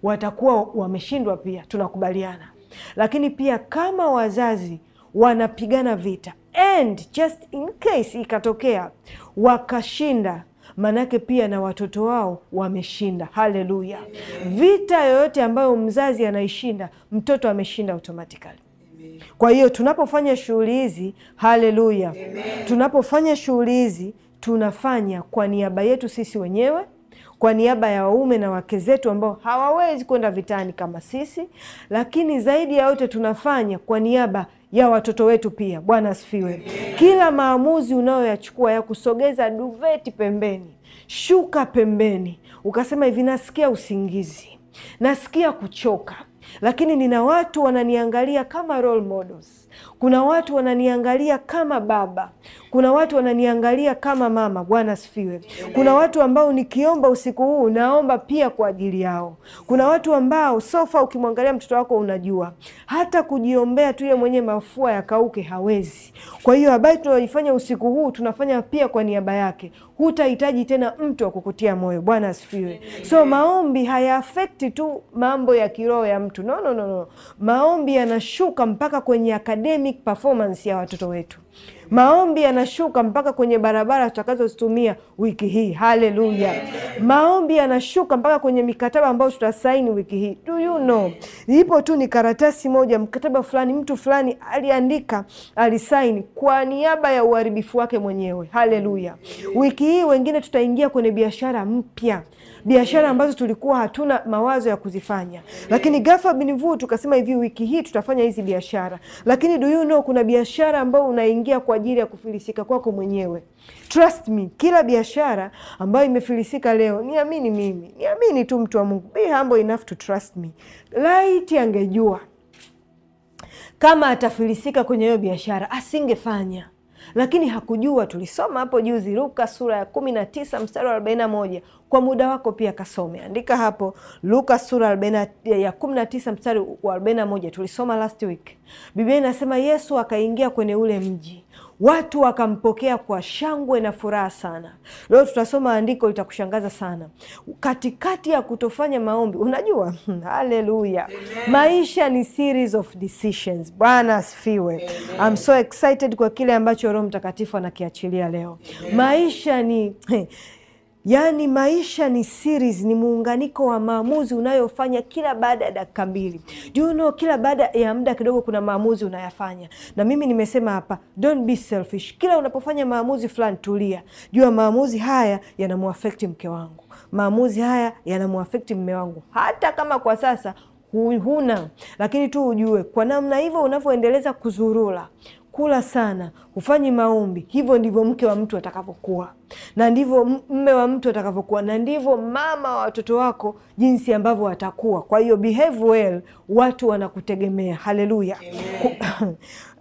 Watakuwa wameshindwa pia, tunakubaliana. Lakini pia kama wazazi wanapigana vita and just in case ikatokea wakashinda maanake pia na watoto wao wameshinda. Haleluya! Vita yoyote ambayo mzazi anaishinda, mtoto ameshinda automatically. Kwa hiyo tunapofanya shughuli hizi, haleluya, tunapofanya shughuli hizi tunafanya kwa niaba yetu sisi wenyewe, kwa niaba ya waume na wake zetu ambao hawawezi kwenda vitani kama sisi, lakini zaidi ya yote tunafanya kwa niaba ya watoto wetu pia. Bwana asifiwe. Kila maamuzi unayoyachukua ya kusogeza duveti pembeni, shuka pembeni, ukasema hivi, nasikia usingizi, nasikia kuchoka lakini nina watu wananiangalia kama role models. Kuna watu wananiangalia kama baba, kuna watu wananiangalia kama mama. Bwana sifiwe. Kuna watu ambao nikiomba usiku huu naomba pia kwa ajili yao. Kuna watu ambao sofa, ukimwangalia mtoto wako unajua hata kujiombea tu yeye mwenye mafua yakauke hawezi. Kwa hiyo habari tunayoifanya usiku huu tunafanya pia kwa niaba yake. Hutahitaji tena mtu wa kukutia moyo. Bwana asifiwe. So maombi hayaafekti tu mambo ya kiroho ya mtu, no, no, no, no. Maombi yanashuka mpaka kwenye akademi academic performance ya watoto wetu. Maombi yanashuka mpaka kwenye barabara tutakazozitumia wiki hii. Haleluya! Maombi yanashuka mpaka kwenye mikataba ambayo tutasaini wiki hii. Do you know, ipo tu ni karatasi moja, mkataba fulani, mtu fulani aliandika, alisaini kwa niaba ya uharibifu wake mwenyewe. Haleluya! Wiki hii wengine tutaingia kwenye biashara mpya biashara ambazo tulikuwa hatuna mawazo ya kuzifanya, lakini ghafla bin vu tukasema hivi, wiki hii tutafanya hizi biashara. Lakini do you know, kuna biashara ambayo unaingia kwa ajili ya kufilisika kwako mwenyewe. Trust me, kila biashara ambayo imefilisika leo, niamini mimi, niamini tu, mtu wa Mungu, be humble enough to trust me. Laiti angejua kama atafilisika kwenye hiyo biashara asingefanya lakini hakujua. Tulisoma hapo juzi Luka sura ya kumi na tisa mstari wa arobaini na moja. Kwa muda wako pia kasome, andika hapo Luka sura ya kumi na tisa mstari wa arobaini na moja. Tulisoma last week. Biblia inasema Yesu akaingia kwenye ule mji Watu wakampokea kwa shangwe na furaha sana. Leo tutasoma andiko litakushangaza sana, katikati ya kutofanya maombi. Unajua, (laughs) haleluya, maisha ni series of decisions. Bwana asifiwe. I'm so excited kwa kile ambacho Roho Mtakatifu anakiachilia leo. Amen. maisha ni (laughs) Yaani maisha ni series, ni muunganiko wa maamuzi unayofanya kila baada ya dakika mbili. Do you know, kila baada ya muda kidogo kuna maamuzi unayafanya, na mimi nimesema hapa, don't be selfish. Kila unapofanya maamuzi fulani, tulia, jua maamuzi haya yanamuafekti mke wangu, maamuzi haya yanamuafekti mme wangu, hata kama kwa sasa huna, lakini tu ujue, kwa namna hivyo unavyoendeleza kuzurura kula sana, hufanyi maombi, hivyo ndivyo mke wa mtu atakavyokuwa, na ndivyo mme wa mtu atakavyokuwa, na ndivyo mama wa watoto wako jinsi ambavyo watakuwa Kwa hiyo behave well, watu wanakutegemea. Haleluya! (coughs)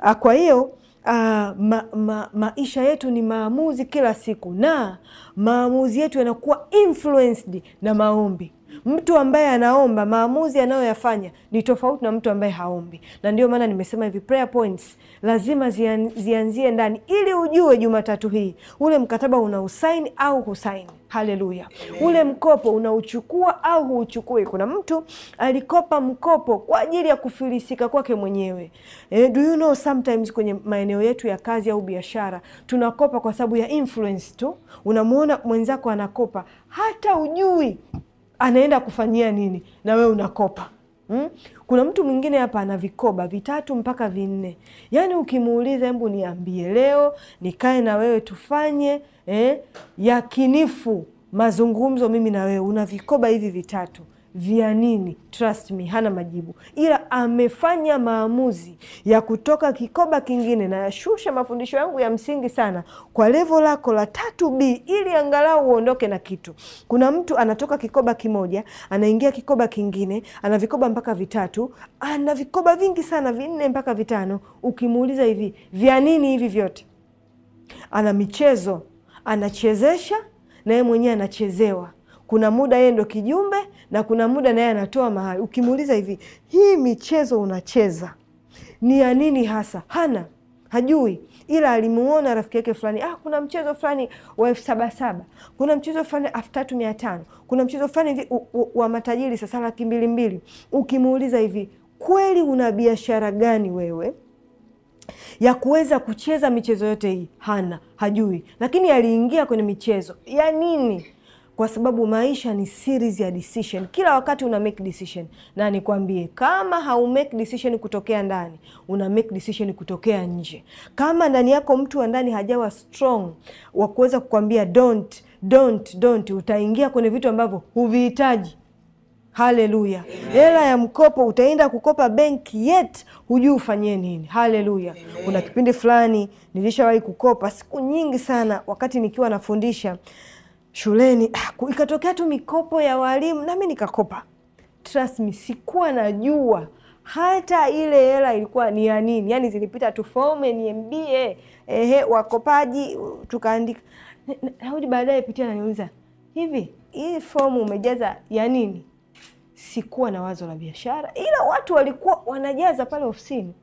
Ah, kwa hiyo Uh, ma, ma, maisha yetu ni maamuzi kila siku, na maamuzi yetu yanakuwa influenced na maombi. Mtu ambaye anaomba maamuzi anayoyafanya ni tofauti na mtu ambaye haombi, na ndio maana nimesema hivi prayer points lazima zian, zianzie ndani, ili ujue Jumatatu hii ule mkataba una usaini au husaini. Haleluya! Ule mkopo unauchukua au huuchukui? Kuna mtu alikopa mkopo kwa ajili ya kufilisika kwake mwenyewe. E, do you know sometimes kwenye maeneo yetu ya kazi au biashara tunakopa kwa sababu ya influence tu. Unamwona mwenzako anakopa, hata ujui anaenda kufanyia nini na wewe unakopa hmm? Kuna mtu mwingine hapa ana vikoba vitatu mpaka vinne, yaani ukimuuliza hebu niambie leo nikae na wewe tufanye eh, yakinifu mazungumzo mimi na wewe, una vikoba hivi vitatu vya nini? Trust me, hana majibu, ila amefanya maamuzi ya kutoka kikoba kingine. Nayashusha mafundisho yangu ya msingi sana kwa levo lako la tatu B ili angalau uondoke na kitu. Kuna mtu anatoka kikoba kimoja anaingia kikoba kingine, ana vikoba mpaka vitatu, ana vikoba vingi sana, vinne mpaka vitano. Ukimuuliza hivi, vya nini hivi vyote? Ana michezo anachezesha, naye mwenyewe anachezewa kuna muda yeye ndo kijumbe na kuna muda naye anatoa mahali. Ukimuuliza hivi, hii michezo unacheza ni ya nini hasa? Hana, hajui, ila alimuona rafiki yake fulani, ah, kuna mchezo fulani wa elfu saba saba, kuna mchezo fulani elfu tatu mia tano, kuna mchezo fulani hivi wa matajiri sasa laki mbili mbili. Ukimuuliza hivi, kweli una biashara gani wewe ya kuweza kucheza michezo yote hii? Hana, hajui, lakini aliingia kwenye michezo ya nini? kwa sababu maisha ni series ya decision. Kila wakati una make decision, na nikwambie, kama hau make decision kutokea ndani, una make decision kutokea nje. Kama ndani yako mtu wa ndani hajawa strong wa kuweza kukwambia don't, don't, don't, utaingia kwenye vitu ambavyo huvihitaji. Haleluya! hela ya mkopo utaenda kukopa benki, yet hujui ufanyie nini. Haleluya! kuna kipindi fulani nilishawahi kukopa siku nyingi sana, wakati nikiwa nafundisha shuleni, ah, ikatokea tu mikopo ya walimu, nami nikakopa. Trust me, sikuwa najua hata ile hela ilikuwa ni ya nini, yani zilipita tu form NMB, ehe, wakopaji, tukaandika. Daudi baadaye pitia naniuliza hivi, hii fomu umejaza ya nini? Sikuwa na wazo la biashara, ila watu walikuwa wanajaza pale ofisini,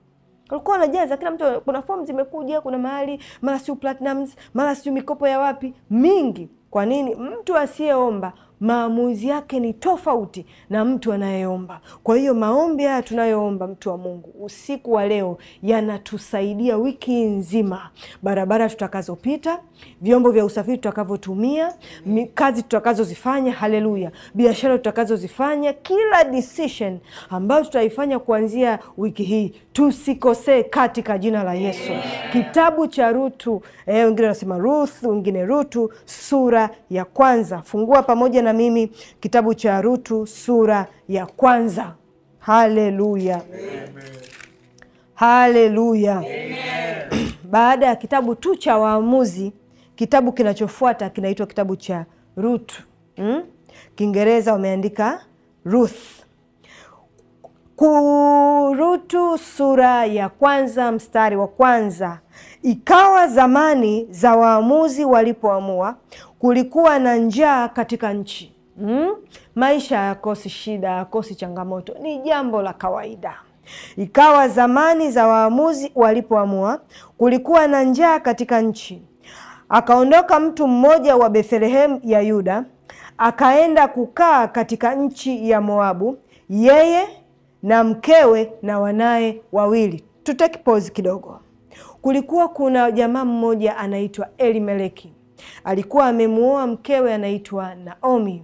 walikuwa wanajaza kila mtu. Kuna fomu zimekuja, kuna mahali mara siu Platinums, mara siu mikopo ya wapi mingi kwa nini mtu asiyeomba maamuzi yake ni tofauti na mtu anayeomba. Kwa hiyo maombi haya tunayoomba, mtu wa Mungu, usiku wa leo yanatusaidia wiki nzima, barabara tutakazopita, vyombo vya usafiri tutakavyotumia, kazi tutakazozifanya, haleluya, biashara tutakazozifanya, kila decision ambayo tutaifanya kuanzia wiki hii tusikosee, katika jina la Yesu. Kitabu cha Rutu, eh, wengine wanasema Ruth, wengine Rutu, sura ya kwanza, fungua pamoja na mimi kitabu cha Rutu sura ya kwanza. Haleluya, haleluya. (clears throat) Baada ya kitabu tu cha Waamuzi, kitabu kinachofuata kinaitwa kitabu cha Rutu hmm? Kiingereza wameandika Ruth. Kurutu sura ya kwanza mstari wa kwanza Ikawa zamani za waamuzi walipoamua, kulikuwa na njaa katika nchi mm. Maisha hayakosi shida, hayakosi changamoto, ni jambo la kawaida. Ikawa zamani za waamuzi walipoamua, kulikuwa na njaa katika nchi. Akaondoka mtu mmoja wa Bethlehemu ya Yuda, akaenda kukaa katika nchi ya Moabu, yeye na mkewe na wanaye wawili. Tuteki pause kidogo kulikuwa kuna jamaa mmoja anaitwa Elimeleki alikuwa amemuoa mkewe anaitwa Naomi,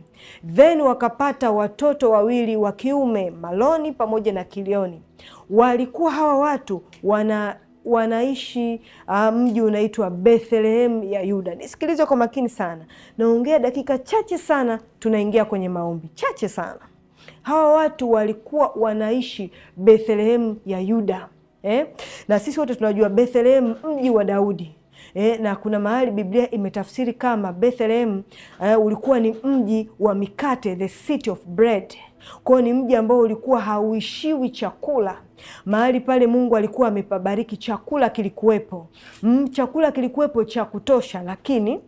then wakapata watoto wawili wa kiume Maloni pamoja na Kilioni. Walikuwa hawa watu wana wanaishi uh, mji unaitwa Bethlehem ya Yuda. Nisikilize kwa makini sana, naongea dakika chache sana, tunaingia kwenye maombi chache sana. Hawa watu walikuwa wanaishi Bethlehem ya Yuda eh? na sisi wote tunajua Bethlehem mji wa Daudi eh? na kuna mahali Biblia imetafsiri kama Bethlehem eh, ulikuwa ni mji wa mikate, the city of bread. Kwao ni mji ambao ulikuwa hauishiwi chakula. Mahali pale Mungu alikuwa amepabariki, chakula kilikuwepo, mm, chakula kilikuwepo cha kutosha, lakini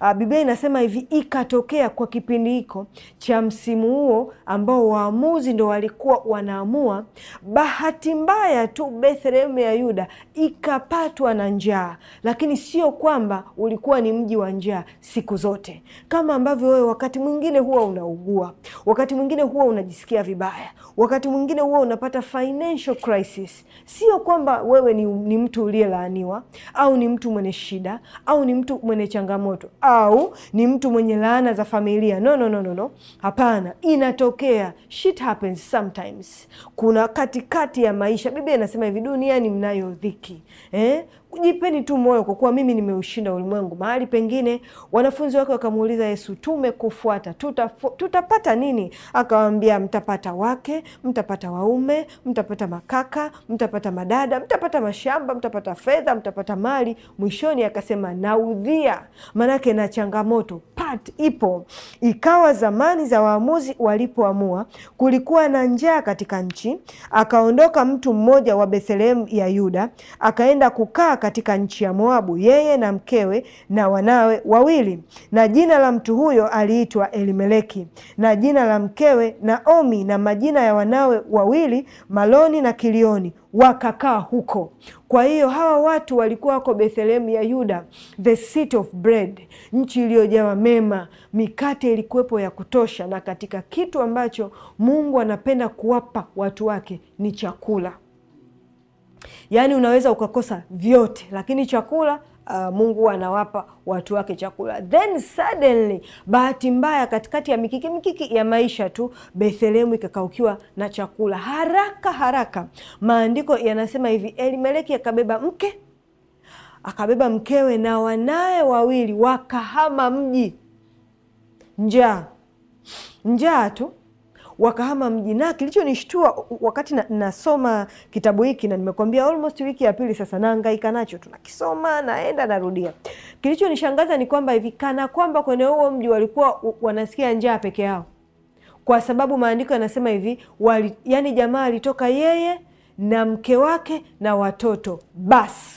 uh, Biblia inasema hivi, ikatokea kwa kipindi hiko cha msimu huo ambao waamuzi ndo walikuwa wanaamua, bahati mbaya tu Bethlehemu ya Yuda ikapatwa na njaa, lakini sio kwamba ulikuwa ni mji wa njaa siku zote, kama ambavyo wewe wakati mwingine huwa unaugua, wakati mwingine huwa unajisikia vibaya, wakati mwingine huwa unapata financial crisis. Sio kwamba wewe ni, ni mtu uliyelaaniwa au ni mtu mwenye shida au ni mtu mwenye changamoto au ni mtu mwenye laana za familia. No, no, no, no, no. Hapana, inatokea, shit happens sometimes. Kuna katikati ya maisha, Biblia inasema hivi, duniani mnayo dhiki eh? jipeni tu moyo kwa kuwa mimi nimeushinda ulimwengu. Mahali pengine wanafunzi wake wakamuuliza Yesu, tumekufuata tutafu, tutapata nini? Akawaambia, mtapata wake, mtapata waume, mtapata makaka, mtapata madada, mtapata mashamba, mtapata fedha, mtapata mali. Mwishoni akasema naudhia, manake na changamoto pat ipo. Ikawa zamani za waamuzi walipoamua, kulikuwa na njaa katika nchi. Akaondoka mtu mmoja wa Bethlehemu ya Yuda akaenda kukaa katika nchi ya Moabu, yeye na mkewe na wanawe wawili. Na jina la mtu huyo aliitwa Elimeleki, na jina la mkewe Naomi, na majina ya wanawe wawili Maloni na Kilioni, wakakaa huko. Kwa hiyo hawa watu walikuwa wako Bethlehemu ya Yuda, the city of bread, nchi iliyojawa mema. Mikate ilikuwepo ya kutosha, na katika kitu ambacho Mungu anapenda kuwapa watu wake ni chakula. Yaani unaweza ukakosa vyote, lakini chakula Uh, Mungu anawapa watu wake chakula. Then suddenly, bahati mbaya, katikati ya mikiki mikiki ya maisha tu, Bethlehemu ikakaukiwa na chakula haraka haraka. Maandiko yanasema hivi, Elimeleki akabeba mke, akabeba mkewe na wanaye wawili, wakahama mji, njaa njaa tu wakahama mji, na kilichonishtua wakati na, nasoma kitabu hiki na nimekwambia almost wiki ya pili sasa naangaika nacho, tunakisoma naenda narudia. Kilichonishangaza ni kwamba hivi kana kwamba kwenye huo mji walikuwa wanasikia njaa peke yao, kwa sababu maandiko yanasema hivi wali, yani jamaa alitoka yeye na mke wake na watoto basi.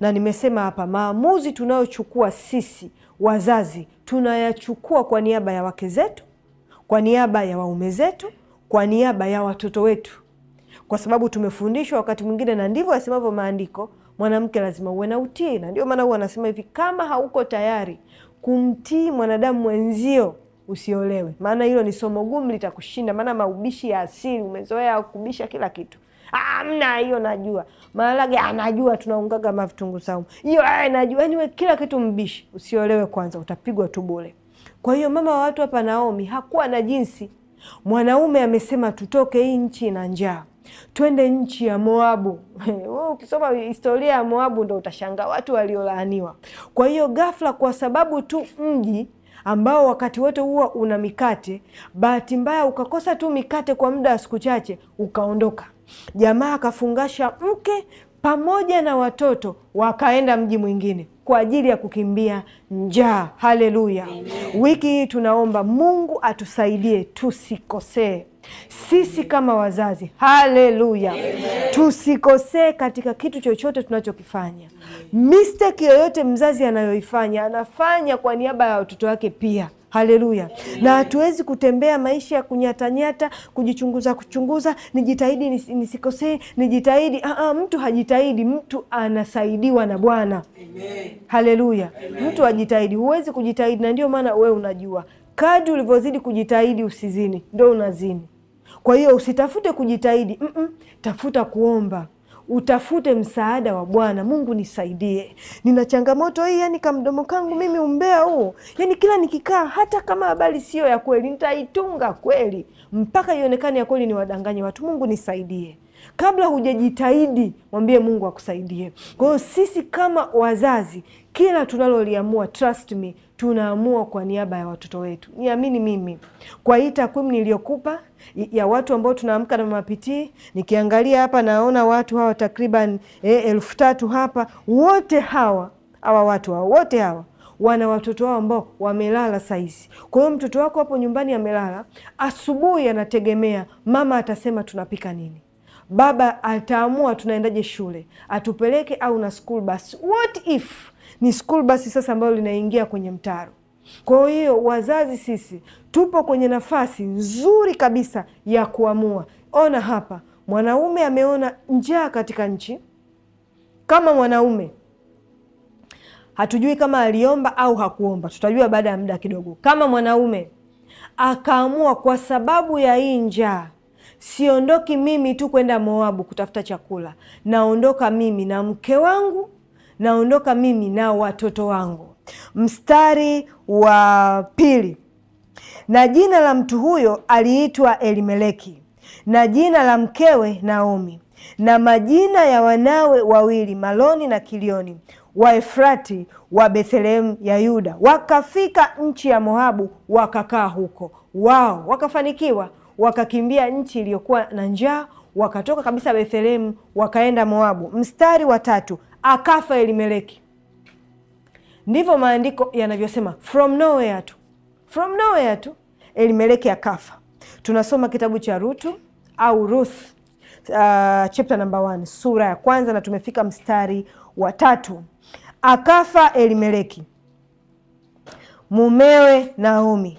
Na nimesema hapa, maamuzi tunayochukua sisi wazazi tunayachukua kwa niaba ya wake zetu kwa niaba ya waume zetu, kwa niaba ya watoto wetu, kwa sababu tumefundishwa wakati mwingine, na ndivyo asemavyo Maandiko, mwanamke lazima uwe na utii. Na ndio maana huwa anasema hivi, kama hauko tayari kumtii mwanadamu mwenzio usiolewe. Maana hilo ni somo gumu, litakushinda. Maana maubishi ya asili umezoea kubisha kila kitu. Amna hiyo, najua maharage, anajua ah, tunaungaga mavitungu saumu, hiyo eh, najua, anyway, yaani kila kitu mbishi. Usiolewe kwanza, utapigwa tu bure. Kwa hiyo mama wa watu hapa Naomi hakuwa na jinsi. Mwanaume amesema tutoke hii nchi na njaa twende nchi ya Moabu. (laughs) Ukisoma historia ya Moabu ndo utashangaa watu waliolaaniwa. Kwa hiyo ghafla, kwa sababu tu mji ambao wakati wote huwa una mikate, bahati mbaya ukakosa tu mikate kwa muda wa siku chache, ukaondoka. Jamaa akafungasha mke pamoja na watoto wakaenda mji mwingine kwa ajili ya kukimbia njaa. Haleluya! Wiki hii tunaomba Mungu atusaidie tusikosee sisi kama wazazi. Haleluya! tusikosee katika kitu chochote tunachokifanya. Mistake yoyote mzazi anayoifanya anafanya kwa niaba ya watoto wake pia Haleluya! Na hatuwezi kutembea maisha ya kunyatanyata, kujichunguza, kuchunguza, nijitahidi nisikosee, nijitahidi. Aa, ah, ah, mtu hajitahidi, mtu anasaidiwa na Bwana. Haleluya! Mtu hajitahidi huwezi kujitahidi. Na ndio maana wewe unajua kadri ulivyozidi kujitahidi usizini, ndo unazini. Kwa hiyo usitafute kujitahidi, mm -mm, tafuta kuomba utafute msaada wa Bwana Mungu, nisaidie, nina changamoto hii, yani kamdomo kangu mimi umbea huu, yani kila nikikaa, hata kama habari siyo ya kweli, nitaitunga kweli mpaka ionekane ya kweli, wadanganye watu. Mungu nisaidie. Kabla hujajitahidi mwambie Mungu akusaidie. Kwa hiyo sisi kama wazazi, kila tunaloliamua, trust me, tunaamua kwa niaba ya watoto wetu. Niamini mimi, kwa hii takwimu niliyokupa ya watu ambao tunaamka na mapitii. Nikiangalia hapa naona watu hawa takriban e, elfu tatu hapa. Wote hawa hawa watu hawa wote hawa wana watoto wao ambao wamelala saizi. Kwa hiyo mtoto wako hapo nyumbani amelala, asubuhi anategemea mama atasema tunapika nini, baba ataamua tunaendaje shule, atupeleke au na school bus. What if ni school bus sasa ambayo linaingia kwenye mtaro? Kwa hiyo wazazi sisi tupo kwenye nafasi nzuri kabisa ya kuamua. Ona hapa, mwanaume ameona njaa katika nchi. Kama mwanaume hatujui kama aliomba au hakuomba, tutajua baada ya muda kidogo. Kama mwanaume akaamua kwa sababu ya hii njaa, siondoki mimi tu kwenda Moabu kutafuta chakula, naondoka mimi na mke wangu, naondoka mimi na watoto wangu. Mstari wa pili na jina la mtu huyo aliitwa Elimeleki, na jina la mkewe Naomi, na majina ya wanawe wawili Maloni na Kilioni wa Efrati wa Bethlehemu ya Yuda. Wakafika nchi ya Moabu, wakakaa huko. Wao wakafanikiwa, wakakimbia nchi iliyokuwa na njaa, wakatoka kabisa Bethlehemu wakaenda Moabu. Mstari wa tatu, akafa Elimeleki. Ndivyo maandiko yanavyosema, from nowhere tu from nowhere tu Elimeleki akafa. Tunasoma kitabu cha Rutu au Ruth uh, chapter number 1 sura ya kwanza na tumefika mstari wa tatu. Akafa Elimeleki mumewe Naomi,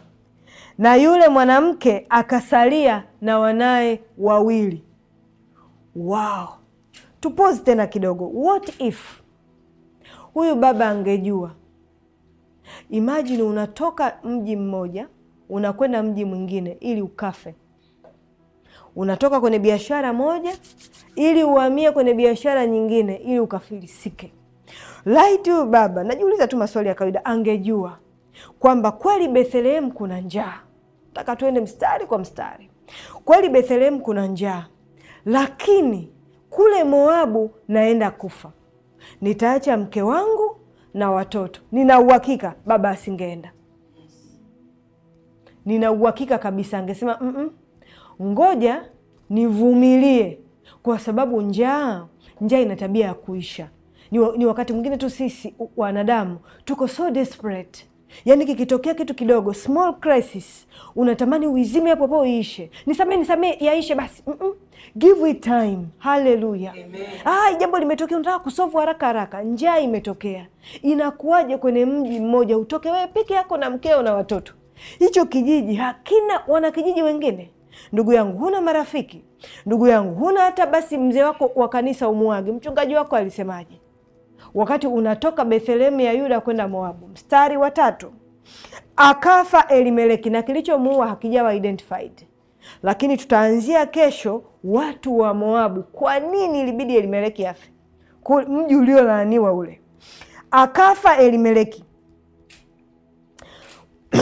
na yule mwanamke akasalia na wanaye wawili. Wow, tupozi tena kidogo. What if huyu baba angejua imajini unatoka mji mmoja unakwenda mji mwingine ili ukafe, unatoka kwenye biashara moja ili uhamie kwenye biashara nyingine ili ukafilisike. Laiti huyu baba, najiuliza tu maswali ya kawaida, angejua kwamba kweli Bethlehemu kuna njaa. Nataka tuende mstari kwa mstari. Kweli Bethlehemu kuna njaa, lakini kule Moabu naenda kufa, nitaacha mke wangu na watoto, nina uhakika baba asingeenda. Nina uhakika kabisa angesema mm -mm, ngoja nivumilie, kwa sababu njaa njaa ina tabia ya kuisha. Ni, ni wakati mwingine tu sisi wanadamu tuko so desperate Yaani kikitokea kitu kidogo small crisis, unatamani uizime hapo hapo iishe, nisamee nisamee, yaishe basi. Mm -mm give it time. Haleluya! Ah, jambo limetokea, unataka kusovu haraka haraka, njaa imetokea. Inakuwaje kwenye mji mmoja utoke wewe peke yako na mkeo na watoto? Hicho kijiji hakina wanakijiji wengine. Ndugu yangu, huna marafiki. Ndugu yangu, huna hata basi mzee wako wa kanisa umuage. Mchungaji wako alisemaje wakati unatoka Bethlehemu ya Yuda kwenda Moabu? Mstari wa tatu, akafa Elimeleki na kilichomuua hakijawa identified lakini tutaanzia kesho watu wa Moabu. Kwa nini ilibidi Elimeleki afe? Mji uliolaaniwa ule, akafa Elimeleki. (clears throat)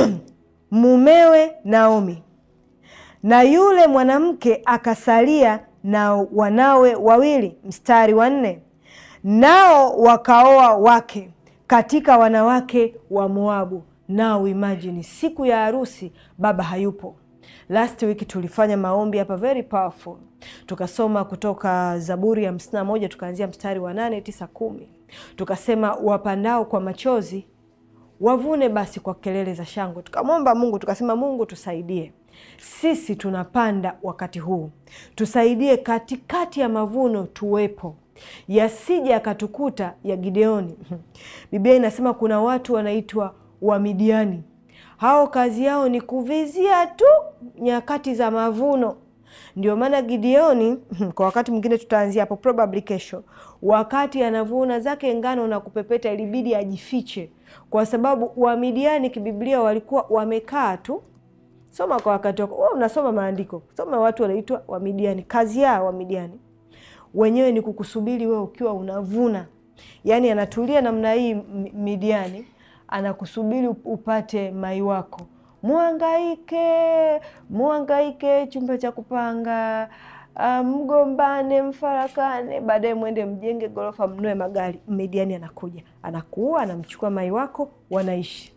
mumewe Naomi na yule mwanamke akasalia na wanawe wawili. Mstari wa nne, nao wakaoa wake katika wanawake wa Moabu. Nao imajini siku ya harusi baba hayupo Last week tulifanya maombi hapa very powerful, tukasoma kutoka Zaburi ya hamsini moja tukaanzia mstari wa nane tisa kumi tukasema wapandao kwa machozi wavune basi kwa kelele za shangwe. Tukamwomba Mungu tukasema, Mungu tusaidie, sisi tunapanda wakati huu, tusaidie katikati ya mavuno tuwepo, yasija yakatukuta ya Gideoni. (laughs) Biblia inasema kuna watu wanaitwa Wamidiani hao kazi yao ni kuvizia tu nyakati za mavuno. Ndio maana Gideoni, (laughs) kwa wakati mwingine tutaanzia hapo, probably kesho, wakati anavuna zake ngano na kupepeta, ilibidi ajifiche, kwa sababu Wamidiani kibiblia walikuwa wamekaa tu. Soma kwa wakati wako, wewe unasoma maandiko, soma watu wanaitwa Wamidiani. Kazi yao Wamidiani wenyewe ni kukusubiri wewe ukiwa unavuna. Yaani anatulia namna hii Midiani anakusubiri upate mai wako. mwangaike mwangaike chumba cha kupanga, ah, mgombane, mfarakane, baadaye mwende mjenge ghorofa, mnue magari. Midiani anakuja anakuua, anamchukua mai wako, wanaishi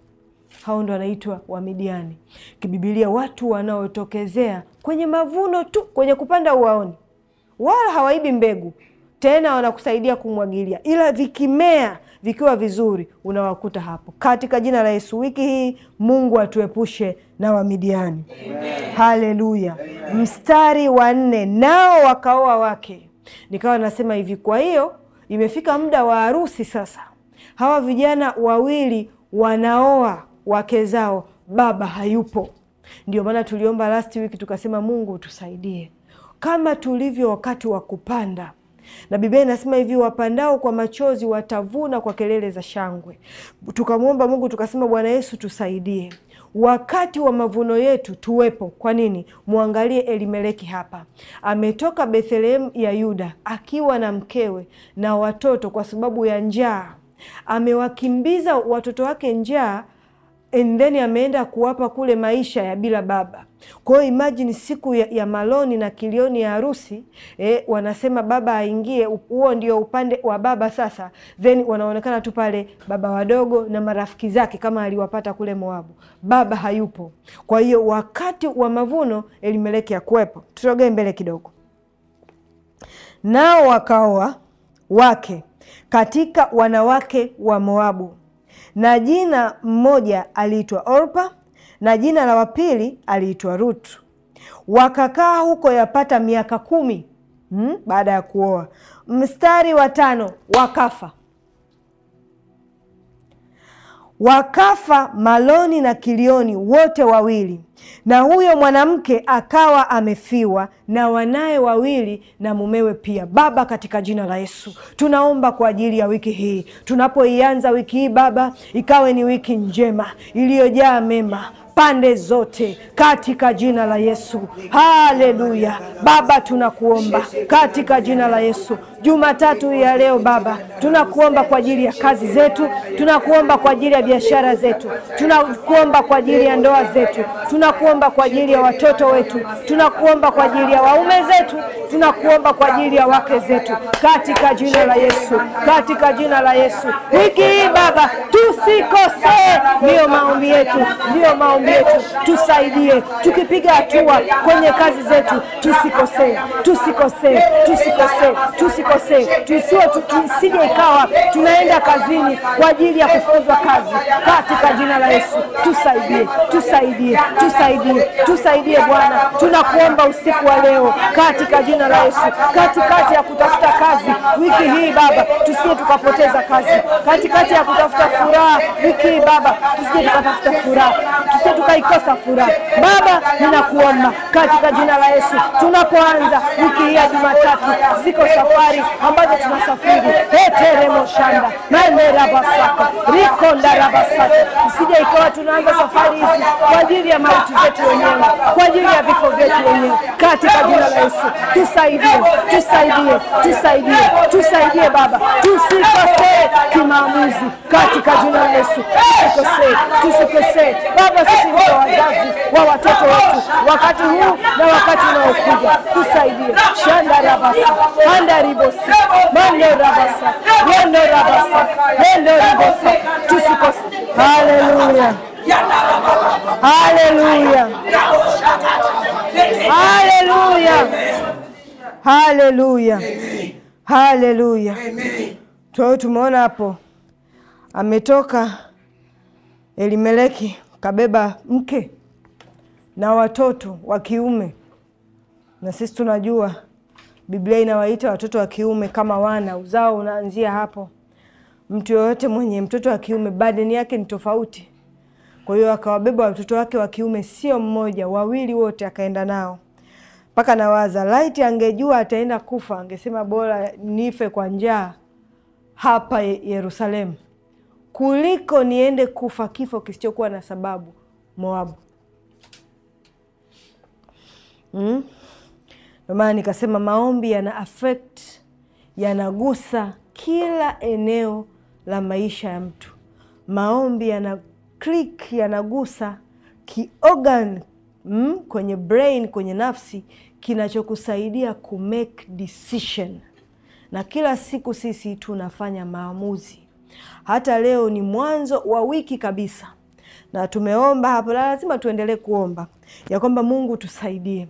hao ndo wanaitwa Wamidiani kibibilia, watu wanaotokezea kwenye mavuno tu, kwenye kupanda uwaoni, wala hawaibi mbegu tena, wanakusaidia kumwagilia, ila vikimea vikiwa vizuri unawakuta hapo, katika jina la Yesu. Wiki hii Mungu atuepushe na Wamidiani. Haleluya. Mstari wa nne, nao wakaoa wake. Nikawa nasema hivi, kwa hiyo imefika muda wa harusi sasa. Hawa vijana wawili wanaoa wake zao, baba hayupo. Ndio maana tuliomba last week tukasema, Mungu tusaidie, kama tulivyo wakati wa kupanda na Biblia inasema hivi, wapandao kwa machozi watavuna kwa kelele za shangwe. Tukamwomba Mungu tukasema, Bwana Yesu tusaidie wakati wa mavuno yetu tuwepo. Kwa nini? Mwangalie Elimeleki hapa, ametoka Bethlehemu ya Yuda akiwa na mkewe na watoto, kwa sababu ya njaa amewakimbiza watoto wake njaa and then ameenda kuwapa kule maisha ya bila baba. Kwa hiyo imagine siku ya, ya maloni na kilioni ya harusi eh, wanasema baba aingie, huo ndio upande wa baba sasa. Then wanaonekana tu pale baba wadogo na marafiki zake kama aliwapata kule Moabu, baba hayupo. Kwa hiyo wakati wa mavuno Elimeleki hakuwepo. Tusogee mbele kidogo. Nao wakaoa wake katika wanawake wa Moabu na jina mmoja aliitwa Orpa na jina la wapili aliitwa Rutu. Wakakaa huko yapata miaka kumi hmm, baada ya kuoa. Mstari wa tano wakafa wakafa maloni na kilioni wote wawili, na huyo mwanamke akawa amefiwa na wanaye wawili na mumewe pia. Baba, katika jina la Yesu tunaomba kwa ajili ya wiki hii tunapoianza wiki hii, Baba, ikawe ni wiki njema iliyojaa mema pande zote katika jina la Yesu. Haleluya. Baba, tunakuomba katika jina la Yesu Jumatatu ya leo Baba, tunakuomba kwa ajili ya kazi zetu, tunakuomba kwa ajili ya biashara zetu, tunakuomba kwa ajili ya ndoa zetu, tunakuomba kwa ajili ya watoto wetu, tunakuomba kwa ajili ya waume zetu, tunakuomba kwa ajili ya wake zetu, katika jina la Yesu, katika jina la Yesu. Wiki hii Baba tusikosee, ndiyo maombi yetu, ndiyo maombi yetu. Tusaidie tukipiga hatua kwenye kazi zetu, tusikosee, tusikosee, tusikosee, tusikosee tuko tusio tusije ikawa tunaenda kazini kwa ajili ya kufukuzwa kazi. Katika jina la Yesu tusaidie, tusaidie, tusaidie, tusaidie Bwana, tunakuomba usiku wa leo katika jina la Yesu, katikati ya kutafuta kazi wiki hii Baba, tusije tukapoteza kazi, katikati ya kutafuta furaha wiki hii Baba, tusije tukatafuta furaha, tusije tukaikosa furaha Baba, ninakuomba katika jina la Yesu, tunapoanza wiki hii ya Jumatatu, ziko safari mbali ambazo tunasafiri eteremo shanda manderabasaka rikondarabasaka, isije ikawa tunaanza safari hizi kwa ajili ya mauti zetu wenyewe, kwa ajili ya vifo vyetu wenyewe, katika jina la Yesu. Tusaidie, tusaidie, tusaidie, tusaidie Baba, tusikosee kimaamuzi, katika jina la Yesu. Tusikosee, tusikosee Baba, sisi ni wazazi wa watoto wetu wakati huu na wakati unaokuja, tusaidie shandarabasa andaribo Haleluya, haleluya, haleluya, haleluya, haleluya. Kwa hiyo tumeona hapo ametoka Elimeleki kabeba mke na watoto wa kiume, na sisi tunajua Biblia inawaita watoto wa kiume kama wana, uzao unaanzia hapo. Mtu yoyote mwenye mtoto wa kiume badeni yake ni tofauti. Kwa hiyo akawabeba watoto wake wa kiume, sio mmoja, wawili, wote akaenda nao mpaka nawaza, laiti angejua ataenda kufa, angesema bora nife kwa njaa hapa Yerusalemu kuliko niende kufa kifo kisichokuwa na sababu Moabu. Mm. Ndio maana nikasema maombi yana affect, yanagusa kila eneo la maisha ya mtu. Maombi yana click, yanagusa kiorgan mm, kwenye brain, kwenye nafsi kinachokusaidia make decision. Na kila siku sisi tunafanya maamuzi. Hata leo ni mwanzo wa wiki kabisa, na tumeomba hapo, lazima tuendelee kuomba ya kwamba Mungu tusaidie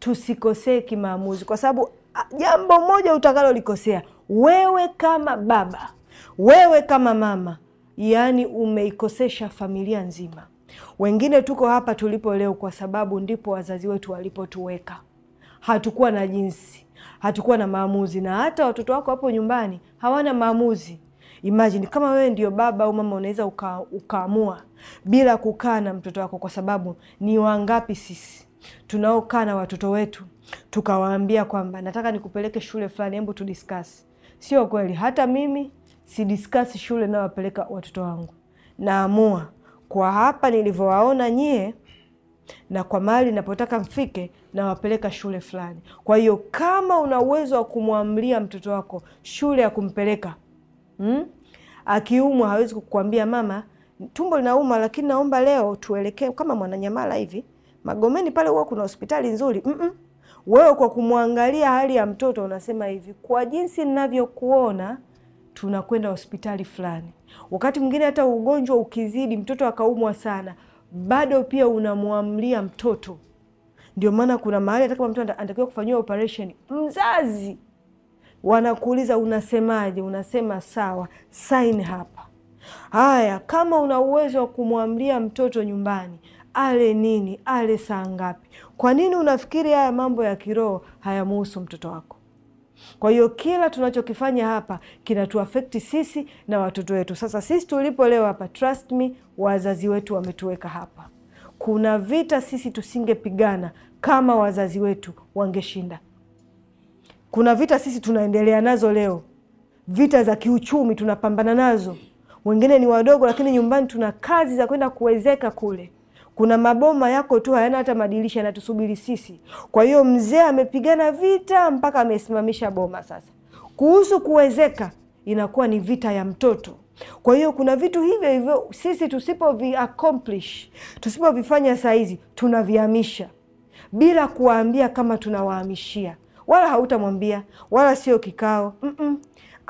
tusikosee kimaamuzi, kwa sababu ah, jambo moja utakalolikosea wewe kama baba, wewe kama mama, yaani umeikosesha familia nzima. Wengine tuko hapa tulipo leo kwa sababu ndipo wazazi wetu walipotuweka. Hatukuwa na jinsi, hatukuwa na maamuzi, na hata watoto wako hapo nyumbani hawana maamuzi. Imagine kama wewe ndio baba au mama, unaweza uka, ukaamua bila kukaa na mtoto wako, kwa sababu ni wangapi sisi tunaokaa na watoto wetu tukawaambia kwamba nataka nikupeleke shule fulani, hebu tudiskasi, sio kweli. Hata mimi sidiskasi shule nawapeleka watoto wangu, naamua kwa hapa nilivyowaona nyie na kwa mahali napotaka mfike, nawapeleka shule fulani. Kwa hiyo kama una uwezo wa kumwamlia mtoto wako shule ya kumpeleka hmm? Akiumwa hawezi kukuambia mama, tumbo linauma, lakini naomba leo tuelekee kama Mwananyamala hivi Magomeni pale huwa kuna hospitali nzuri mm -mm. Wewe kwa kumwangalia hali ya mtoto unasema hivi, kwa jinsi ninavyokuona tunakwenda hospitali fulani. Wakati mwingine hata ugonjwa ukizidi, mtoto akaumwa sana, bado pia unamwamlia mtoto. Ndio maana kuna mahali hata kama mtu anatakiwa kufanyiwa operation, mzazi wanakuuliza unasemaje? Unasema sawa, sign hapa. Haya, kama una uwezo wa kumwamlia mtoto nyumbani ale nini, ale saa ngapi. Kwa nini unafikiri haya mambo ya kiroho hayamuhusu mtoto wako? Kwa hiyo kila tunachokifanya hapa kinatuafekti sisi na watoto wetu. Sasa sisi tulipo leo hapa, trust me, wazazi wetu wametuweka hapa. Kuna vita sisi tusingepigana kama wazazi wetu wangeshinda. Kuna vita sisi tunaendelea nazo leo, vita za kiuchumi tunapambana nazo. Wengine ni wadogo, lakini nyumbani tuna kazi za kwenda kuwezeka kule kuna maboma yako tu hayana hata madirisha, yanatusubiri sisi. Kwa hiyo mzee amepigana vita mpaka amesimamisha boma. Sasa kuhusu kuwezeka, inakuwa ni vita ya mtoto. Kwa hiyo kuna vitu hivyo hivyo sisi tusipovi accomplish, tusipovifanya sahizi, tunavihamisha bila kuwaambia kama tunawahamishia, wala hautamwambia wala sio kikao mm -mm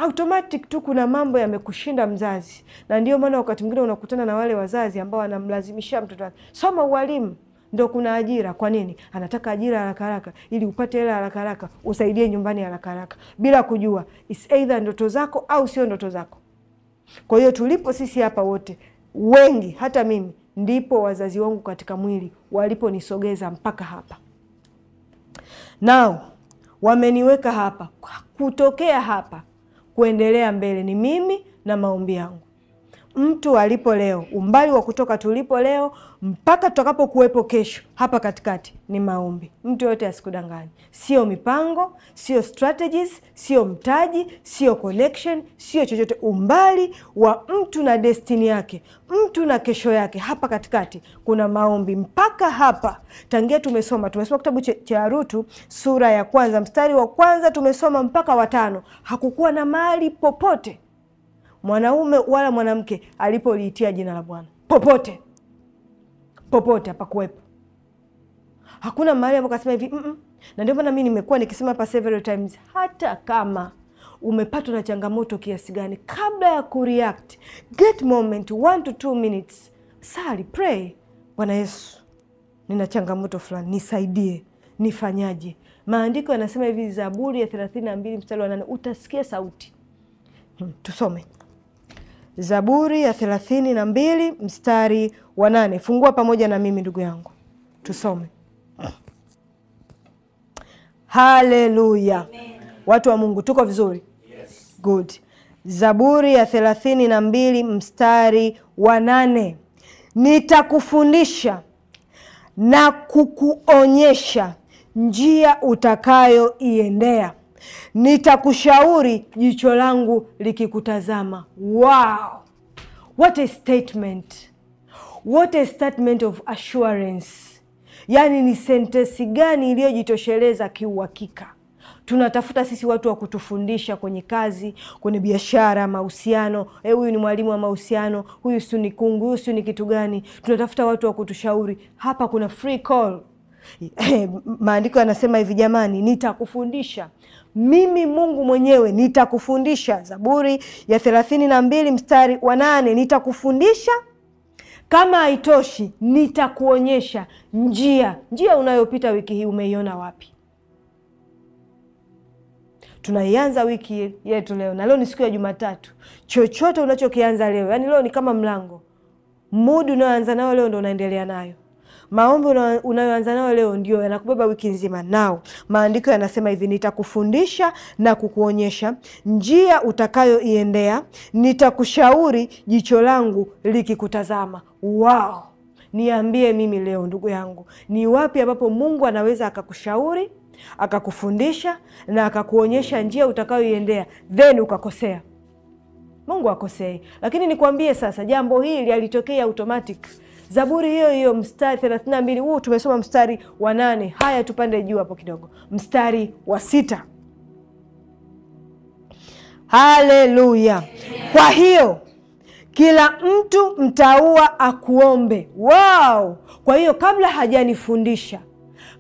automatic tu kuna mambo yamekushinda mzazi, na ndio maana wakati mwingine unakutana na wale wazazi ambao wanamlazimisha mtoto wake soma ualimu ndo kuna ajira. Kwa nini anataka ajira haraka haraka, ili upate hela haraka haraka, usaidie nyumbani haraka haraka, bila kujua is either ndoto zako au sio ndoto zako. Kwa hiyo tulipo sisi hapa wote wengi, hata mimi, ndipo wazazi wangu katika mwili waliponisogeza mpaka hapa, nao wameniweka hapa kutokea hapa kuendelea mbele ni mimi na maombi yangu mtu alipo leo, umbali wa kutoka tulipo leo mpaka tutakapokuwepo kesho hapa katikati ni maombi. Mtu yoyote asikudanganye, sio mipango, sio strategies, sio mtaji, sio connection, sio chochote. Umbali wa mtu na destini yake, mtu na kesho yake, hapa katikati kuna maombi mpaka hapa. Tangia tumesoma tumesoma kitabu cha rutu sura ya kwanza mstari wa kwanza tumesoma mpaka watano, hakukuwa na mahali popote mwanaume wala mwanamke alipoliitia jina la Bwana popote popote hapakuwepo. Hakuna mahali ambapo kasema hivi mm -mm. Na ndio maana mimi nimekuwa nikisema hapa several times, hata kama umepatwa na changamoto kiasi gani, kabla ya kureact, get moment one to two minutes, sali, pray, Bwana Yesu, nina changamoto fulani, nisaidie, nifanyaje? Maandiko yanasema hivi, Zaburi ya 32 mstari wa 8, utasikia sauti hmm. Tusome. Zaburi ya thelathini na mbili mstari wa nane. Fungua pamoja na mimi ndugu yangu, tusome. Ah. Haleluya, watu wa Mungu, tuko vizuri? Yes. Good. Zaburi ya thelathini na mbili mstari wa nane, nitakufundisha na kukuonyesha njia utakayoiendea nitakushauri jicho langu likikutazama. Wow, what a statement, what a statement of assurance. Yaani ni sentensi gani iliyojitosheleza kiuhakika? Tunatafuta sisi watu wa kutufundisha kwenye kazi, kwenye biashara, mahusiano. E, huyu ni mwalimu wa mahusiano, huyu siu ni kungu, huyu siu ni kitu gani. Tunatafuta watu wa kutushauri. Hapa kuna free call. (laughs) maandiko yanasema hivi jamani, nitakufundisha mimi Mungu mwenyewe nitakufundisha. Zaburi ya thelathini na mbili mstari wa nane nitakufundisha kama haitoshi, nitakuonyesha njia. Njia unayopita wiki hii umeiona wapi? Tunaianza wiki yetu leo, na leo ni siku ya Jumatatu. Chochote unachokianza leo, yani leo ni kama mlango, mudi unayoanza nayo leo ndo unaendelea nayo maombi unayoanza nayo leo ndio yanakubeba wiki nzima. Nao maandiko yanasema hivi, nitakufundisha na kukuonyesha njia utakayoiendea, nitakushauri jicho langu likikutazama. Wow, niambie mimi leo ndugu yangu, ni wapi ambapo Mungu anaweza akakushauri akakufundisha na akakuonyesha njia utakayoiendea, then ukakosea? Mungu akosei, lakini nikwambie sasa, jambo hili alitokea automatic Zaburi hiyo hiyo mstari 32, huu tumesoma mstari wa nane. Haya, tupande juu hapo kidogo, mstari wa sita. Haleluya! Kwa hiyo kila mtu mtaua akuombe. Wow! Kwa hiyo kabla hajanifundisha,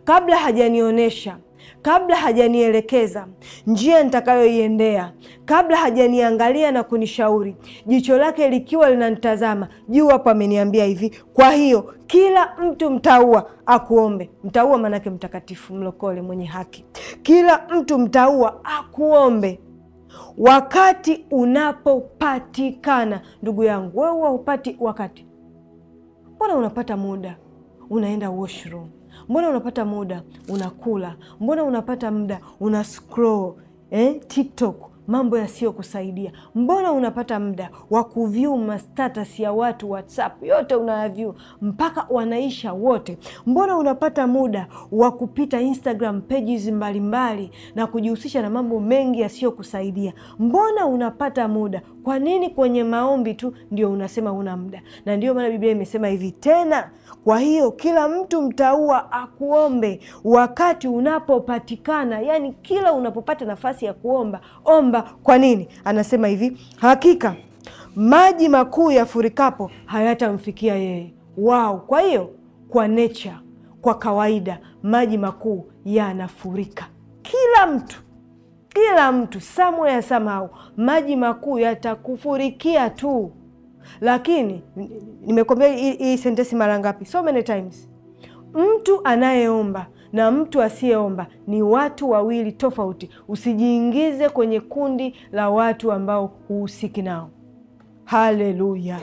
kabla hajanionyesha kabla hajanielekeza njia nitakayoiendea, kabla hajaniangalia na kunishauri, jicho lake likiwa linanitazama juu hapo, ameniambia hivi. Kwa hiyo kila mtu mtaua akuombe. Mtaua maanake mtakatifu, mlokole, mwenye haki. Kila mtu mtaua akuombe wakati unapopatikana. Ndugu yangu, wewe huwa upati wakati, mbona unapata muda unaenda washroom mbona unapata muda unakula, mbona unapata muda una scroll eh, TikTok mambo yasiyokusaidia, mbona unapata muda wa kuvyu mastatus ya watu WhatsApp yote unayavyu mpaka wanaisha wote, mbona unapata muda wa kupita Instagram pages mbalimbali mbali na kujihusisha na mambo mengi yasiyokusaidia, mbona unapata muda? Kwa nini kwenye maombi tu ndio unasema una muda? Na ndiyo maana Biblia imesema hivi tena kwa hiyo kila mtu mtaua akuombe wakati unapopatikana, yaani kila unapopata nafasi ya kuomba omba. Kwa nini? Anasema hivi, hakika maji makuu yafurikapo hayatamfikia yeye. Wow! Kwa hiyo kwa nature, kwa kawaida maji makuu yanafurika kila mtu kila mtu somewhere somehow, maji makuu yatakufurikia tu. Lakini nimekwambia hii sentensi mara ngapi? So many times. Mtu anayeomba na mtu asiyeomba ni watu wawili tofauti. Usijiingize kwenye kundi la watu ambao huhusiki nao. Haleluya!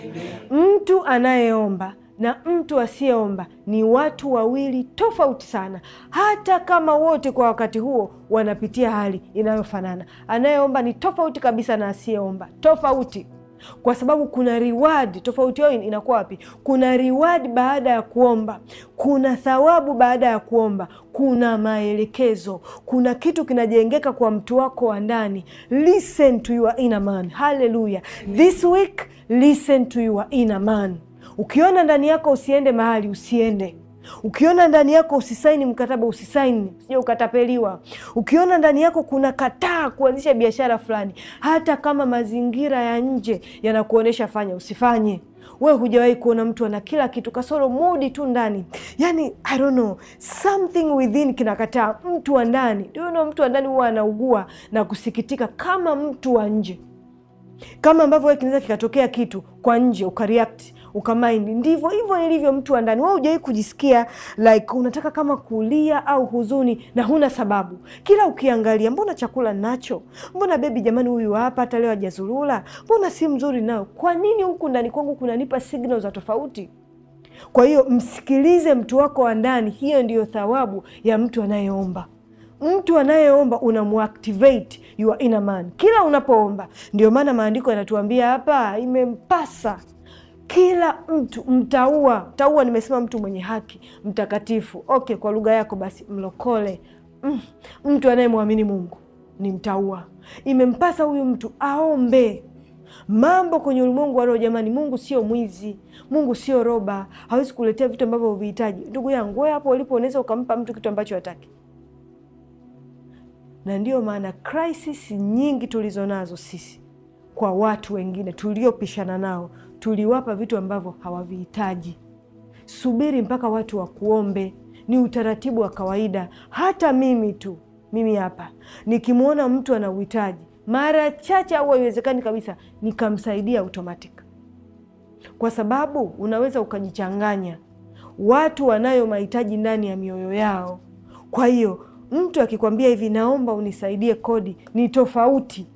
Mtu anayeomba na mtu asiyeomba ni watu wawili tofauti sana, hata kama wote kwa wakati huo wanapitia hali inayofanana. Anayeomba ni tofauti kabisa na asiyeomba, tofauti kwa sababu kuna reward. Tofauti yao inakuwa wapi? Kuna reward baada ya kuomba, kuna thawabu baada ya kuomba, kuna maelekezo, kuna kitu kinajengeka kwa mtu wako wa ndani. Listen to your inner man. Haleluya! This week listen to your inner man. Ukiona ndani yako usiende mahali, usiende Ukiona ndani yako usisaini mkataba, usisaini, usije ukatapeliwa. Ukiona ndani yako kuna kataa kuanzisha biashara fulani, hata kama mazingira ya nje yanakuonyesha fanya, usifanye. We hujawahi kuona mtu ana kila kitu kasoro mudi tu ndani, yani I don't know, something within kinakataa mtu wa ndani. you know, mtu wa ndani huwa anaugua na kusikitika kama mtu wa nje, kama ambavyo we kinaweza kikatokea kitu kwa nje ukareact ukamaindi. Ndivyo hivyo ilivyo mtu wa ndani. Wewe hujawahi kujisikia like unataka kama kulia au huzuni na huna sababu, kila ukiangalia, mbona chakula nacho, mbona bebi, jamani, huyu hapa hata leo hajazurula, mbona si mzuri nao, kwa nini huku ndani kwangu kunanipa signal za tofauti? Kwa hiyo msikilize mtu wako wa ndani. Hiyo ndiyo thawabu ya mtu anayeomba. Mtu anayeomba unamuactivate your inner man kila unapoomba. Ndio maana maandiko yanatuambia hapa, imempasa kila mtu mtaua taua nimesema mtu mwenye haki mtakatifu, okay, kwa lugha yako basi mlokole, mm, mtu anayemwamini Mungu ni mtaua. Imempasa huyu mtu aombe mambo kwenye ulimwengu wa roho. Jamani, Mungu sio mwizi, Mungu sio roba, hawezi kuletea vitu ambavyo huvihitaji. Ndugu yangu, wewe hapo ulipo unaweza ukampa mtu kitu ambacho hataki, na ndiyo maana crisis nyingi tulizo nazo sisi kwa watu wengine tuliopishana nao tuliwapa vitu ambavyo hawavihitaji. Subiri mpaka watu wakuombe, ni utaratibu wa kawaida. Hata mimi tu, mimi hapa nikimwona mtu ana uhitaji, mara chache au haiwezekani kabisa nikamsaidia automatic, kwa sababu unaweza ukajichanganya. Watu wanayo mahitaji ndani ya mioyo yao. Kwa hiyo mtu akikwambia hivi, naomba unisaidie kodi, ni tofauti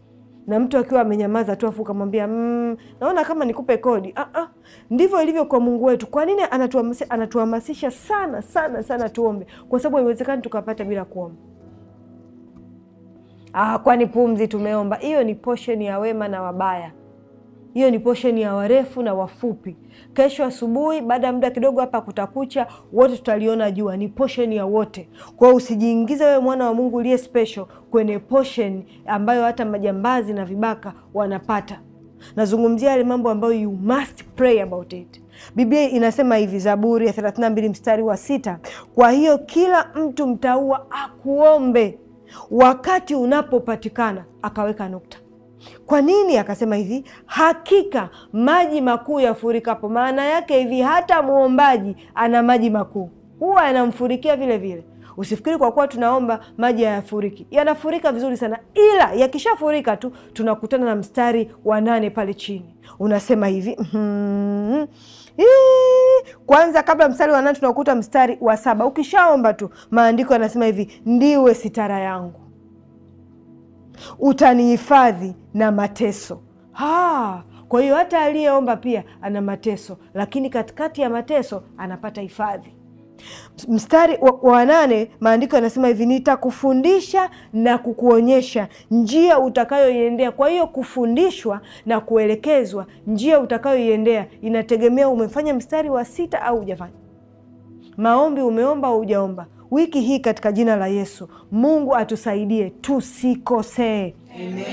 na mtu akiwa amenyamaza tu afu ukamwambia mmm, naona kama nikupe kodi. Ah, ah. Ndivyo ilivyo kwa Mungu wetu. Kwa nini anatuhamasisha, anatuhamasisha sana sana sana tuombe? Kwa sababu haiwezekani tukapata bila kuomba. Ah, kwani pumzi tumeomba? Hiyo ni poshen ya wema na wabaya hiyo ni portion ya warefu na wafupi. Kesho asubuhi baada ya muda kidogo, hapa kutakucha, wote tutaliona jua, ni portion ya wote. Kwa hiyo usijiingize wewe mwana wa Mungu uliye special kwenye portion ambayo hata majambazi na vibaka wanapata. Nazungumzia yale mambo ambayo you must pray about it. Biblia inasema hivi, Zaburi ya 32 mstari wa sita, kwa hiyo kila mtu mtaua akuombe wakati unapopatikana, akaweka nukta. Kwa nini akasema hivi? Hakika maji makuu yafurikapo. Maana yake hivi, hata mwombaji ana maji makuu, huwa yanamfurikia vile vile. Usifikiri kwa kuwa tunaomba maji hayafuriki, yanafurika vizuri sana, ila yakishafurika tu tunakutana na mstari wa nane pale chini unasema hivi mm-hmm. Hii, kwanza kabla mstari wa nane tunakuta mstari wa saba. Ukishaomba tu maandiko yanasema hivi, ndiwe sitara yangu utanihifadhi na mateso. Ha, kwa hiyo hata aliyeomba pia ana mateso, lakini katikati ya mateso anapata hifadhi. Mstari wa nane, maandiko yanasema hivi, nitakufundisha na kukuonyesha njia utakayoiendea. Kwa hiyo kufundishwa na kuelekezwa njia utakayoiendea inategemea umefanya mstari wa sita au hujafanya. Maombi umeomba au hujaomba wiki hii katika jina la Yesu. Mungu atusaidie tusikosee. Amen.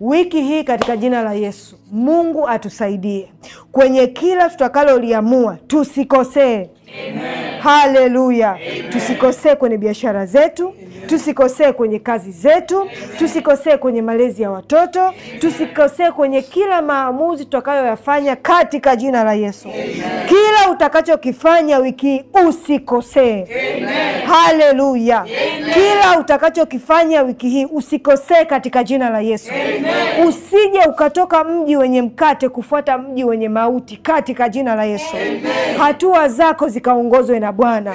Wiki hii katika jina la Yesu, Mungu atusaidie kwenye kila tutakaloliamua, tusikosee. Haleluya, tusikosee kwenye biashara zetu Amen tusikosee kwenye kazi zetu, tusikosee kwenye malezi ya watoto, tusikosee kwenye kila maamuzi tutakayoyafanya katika jina la Yesu. Kila utakachokifanya wiki usikosee. Haleluya! Kila utakachokifanya wiki hii usikosee katika jina la Yesu. Usije ukatoka mji wenye mkate kufuata mji wenye mauti katika jina la Yesu. Hatua zako zikaongozwe na Bwana,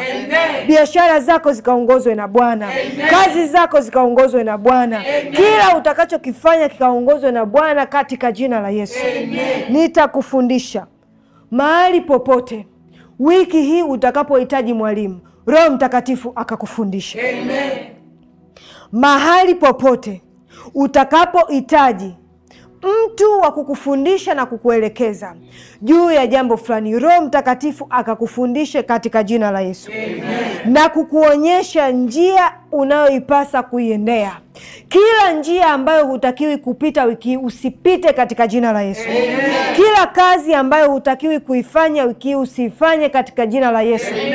biashara zako zikaongozwe na Bwana kazi zako zikaongozwe na Bwana, kila utakachokifanya kikaongozwe na Bwana katika jina la Yesu. Nitakufundisha mahali popote, wiki hii utakapohitaji mwalimu, Roho Mtakatifu akakufundisha. Mahali popote utakapohitaji mtu wa kukufundisha na kukuelekeza juu ya jambo fulani. Roho Mtakatifu akakufundishe katika jina la Yesu Amen. na kukuonyesha njia unayoipasa kuiendea. Kila njia ambayo hutakiwi kupita wiki usipite katika jina la Yesu. Amen. Kila kazi ambayo hutakiwi kuifanya wiki usifanye usiifanye katika jina la Yesu. Amen.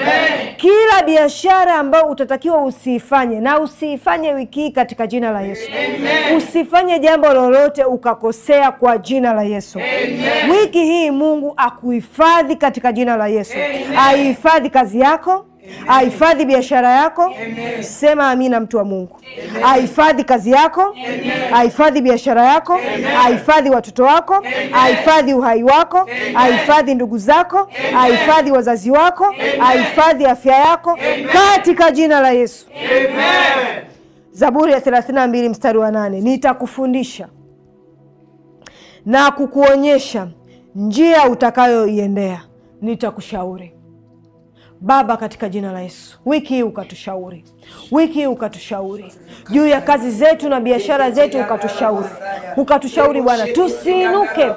Kila biashara ambayo utatakiwa usiifanye na usiifanye wiki katika jina la Yesu. Amen. Usifanye jambo lolote ukakosea kwa jina la Yesu. Amen. Wiki hii Mungu akuhifadhi katika jina la Yesu. Aihifadhi kazi yako ahifadhi biashara yako Amen. Sema amina, mtu wa Mungu. Ahifadhi kazi yako, ahifadhi biashara yako, ahifadhi watoto wako, ahifadhi uhai wako, ahifadhi ndugu zako, ahifadhi wazazi wako, ahifadhi afya yako Katika jina la Yesu Amen. Zaburi ya 32 mstari wa 8, nitakufundisha na kukuonyesha njia utakayoiendea, nitakushauri Baba, katika jina la Yesu, wiki hii ukatushauri Wiki hii ukatushauri juu ya kazi zetu na biashara zetu, ukatushauri ukatushauri Bwana, tusiinuke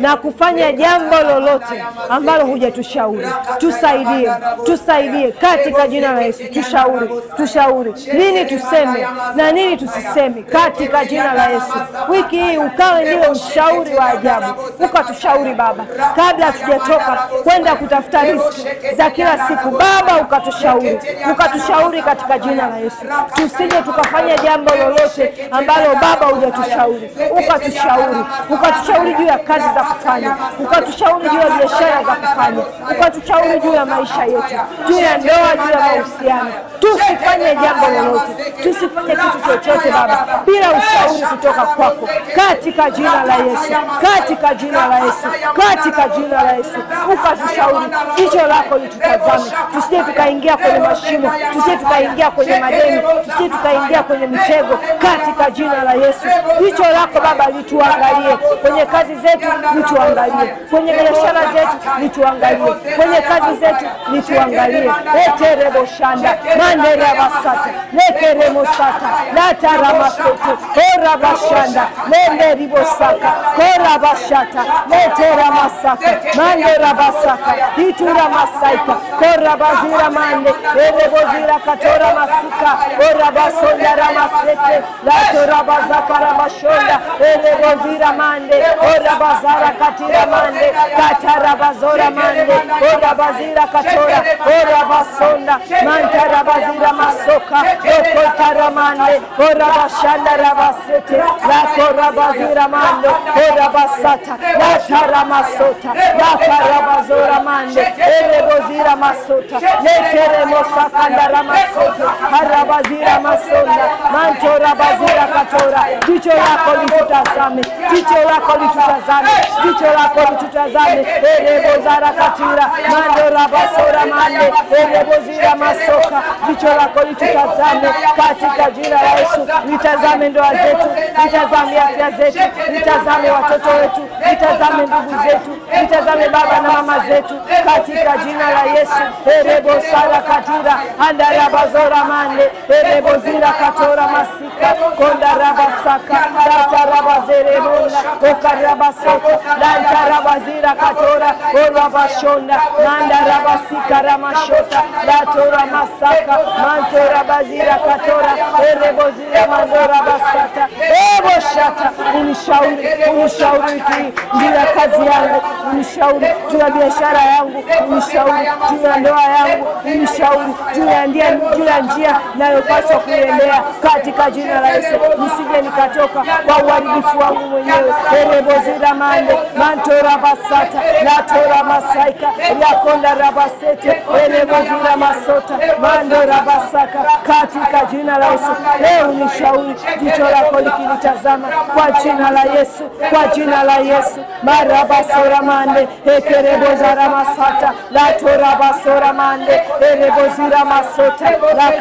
na kufanya jambo lolote ambalo hujatushauri. Tusaidie, tusaidie katika jina la Yesu. Tushauri, tushauri nini tuseme na nini tusiseme katika jina la Yesu. Wiki hii ukawe ndiwe ushauri wa ajabu, ukatushauri Baba, kabla hatujatoka kwenda kutafuta riziki za kila siku. Baba, ukatushauri, ukatushauri katika jina jina la Yesu, tusije tukafanya jambo lolote ambalo Baba hujatushauri, ukatushauri, ukatushauri juu ya kazi za kufanya, ukatushauri juu ya biashara za kufanya, ukatushauri juu ya maisha yetu, juu ya ndoa, juu ya mahusiano. Tusifanye jambo lolote, tusifanye kitu chochote Baba bila ushauri kutoka kwako, katika jina la Yesu, katika jina la Yesu, katika jina la Yesu, ukatushauri, jicho lako litutazame, tusije tukaingia kwenye mashimo, tusije tukaingia kwenye kwenye madeni, sisi tukaingia kwenye mtego, katika jina la Yesu. Jicho lako Baba lituangalie kwenye kazi zetu, lituangalie kwenye biashara zetu, lituangalie kwenye kazi zetu, lituangalie etereboshanda manderavasata lekeremosata lataramasete koravashanda lenderibosaka koravashata leteramasaka manderavasaka ituramasaka koravazira mande erebozira katorama Rabazuka, Orabasoya Ramasete, Lato Rabazaka Rabashonda, Erebozira Mande, Orabazara Katira Mande, Katarabazora Mande, Orabazira Katora, Orabasonda, Manta Rabazira Masoka, Okotara Mande, Orabashanda Rabasete, Lato Rabazira Mando, Orabasata, Latara Masota, Lata Rabazora Mande, Erebozira Masota, Letere Mosakanda Ramasota, harabazira masonda mantorabazira katora jicho lako litutazame jicho lako litutazame jicho lako litutazame erebozara katira mandorabasora mande erebozira masoka jicho lako litutazame katika jina la Yesu litazame ndoa zetu litazame afya zetu litazame watoto wetu litazame ndugu zetu litazame baba na mama zetu katika jina la Yesu erebosara katira andarabazora mande erebozira katora masika kondarabasaka datarabazerebona okarabasoko dantarabazira katora orabashona mandarabasika ramashota datora masaka mantorabazira katora erebozira mandorabasata eboshata ee unishauri unishauri ki juu kazi yangu unishauri juu biashara yangu unishauri juu ya ndoa yangu unishauri juu ya ndia juu ya njia nayopaswa kuendea katika jina la Yesu, nisije nikatoka kwa uharibifu wangu mwenyewe. mande masaika ereboziramande mantorabasata natorabasaika masota mando rabasaka katika jina la Yesu. Leo ni shauri jicho lako likilitazama kwa jina la Yesu, kwa jina la Yesu mande e masata marabasoramande ekerebozaaramasata latorabasoramande ereboziramasa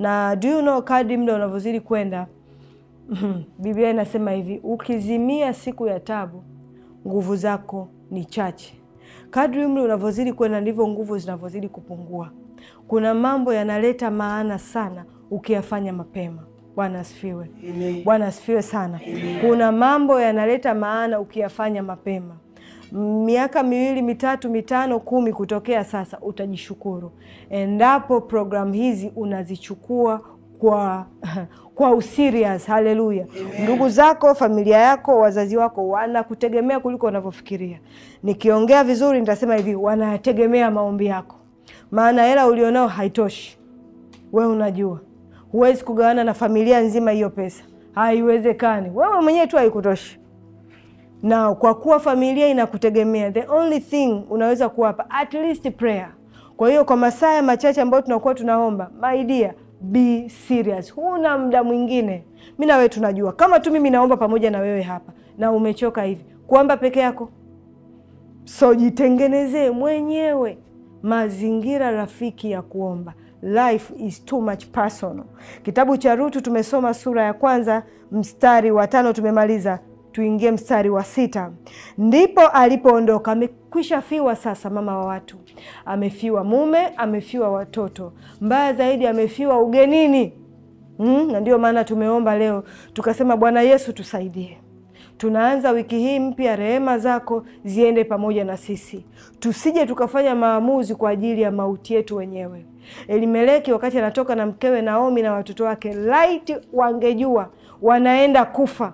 na do you know, kadri muda unavyozidi kwenda mhm, Biblia inasema hivi, ukizimia siku ya tabu, nguvu zako ni chache. Kadri umri unavyozidi kwenda, ndivyo nguvu zinavyozidi kupungua. Kuna mambo yanaleta maana sana ukiyafanya mapema. Bwana asifiwe. Bwana asifiwe sana. Kuna mambo yanaleta maana ukiyafanya mapema miaka miwili mitatu mitano kumi kutokea sasa, utajishukuru endapo programu hizi unazichukua kwa (laughs) kwa Haleluya! Ndugu zako, familia yako, wazazi wako wanakutegemea kuliko unavyofikiria. Nikiongea vizuri, nitasema hivi, wanategemea maombi yako, maana hela ulionao haitoshi. We unajua huwezi kugawana na familia nzima hiyo pesa, haiwezekani. Wewe mwenyewe tu haikutoshi na kwa kuwa familia inakutegemea, the only thing unaweza kuwapa at least prayer. Kwa hiyo kwa masaa machache ambayo tunakuwa tunaomba, my dear, be serious. Huna muda mwingine, mi na wewe tunajua, kama tu mimi naomba pamoja na wewe hapa na umechoka hivi kuomba peke yako, so jitengenezee mwenyewe mazingira rafiki ya kuomba. Life is too much personal. Kitabu cha Rutu tumesoma sura ya kwanza mstari wa tano tumemaliza tuingie mstari wa sita. Ndipo alipoondoka amekwisha fiwa. Sasa mama wa watu amefiwa, mume amefiwa, watoto, mbaya zaidi amefiwa ugenini. Mm, na ndio maana tumeomba leo tukasema, Bwana Yesu tusaidie. Tunaanza wiki hii mpya, rehema zako ziende pamoja na sisi, tusije tukafanya maamuzi kwa ajili ya mauti yetu wenyewe. Elimeleki wakati anatoka na mkewe Naomi na watoto wake, laiti wangejua wanaenda kufa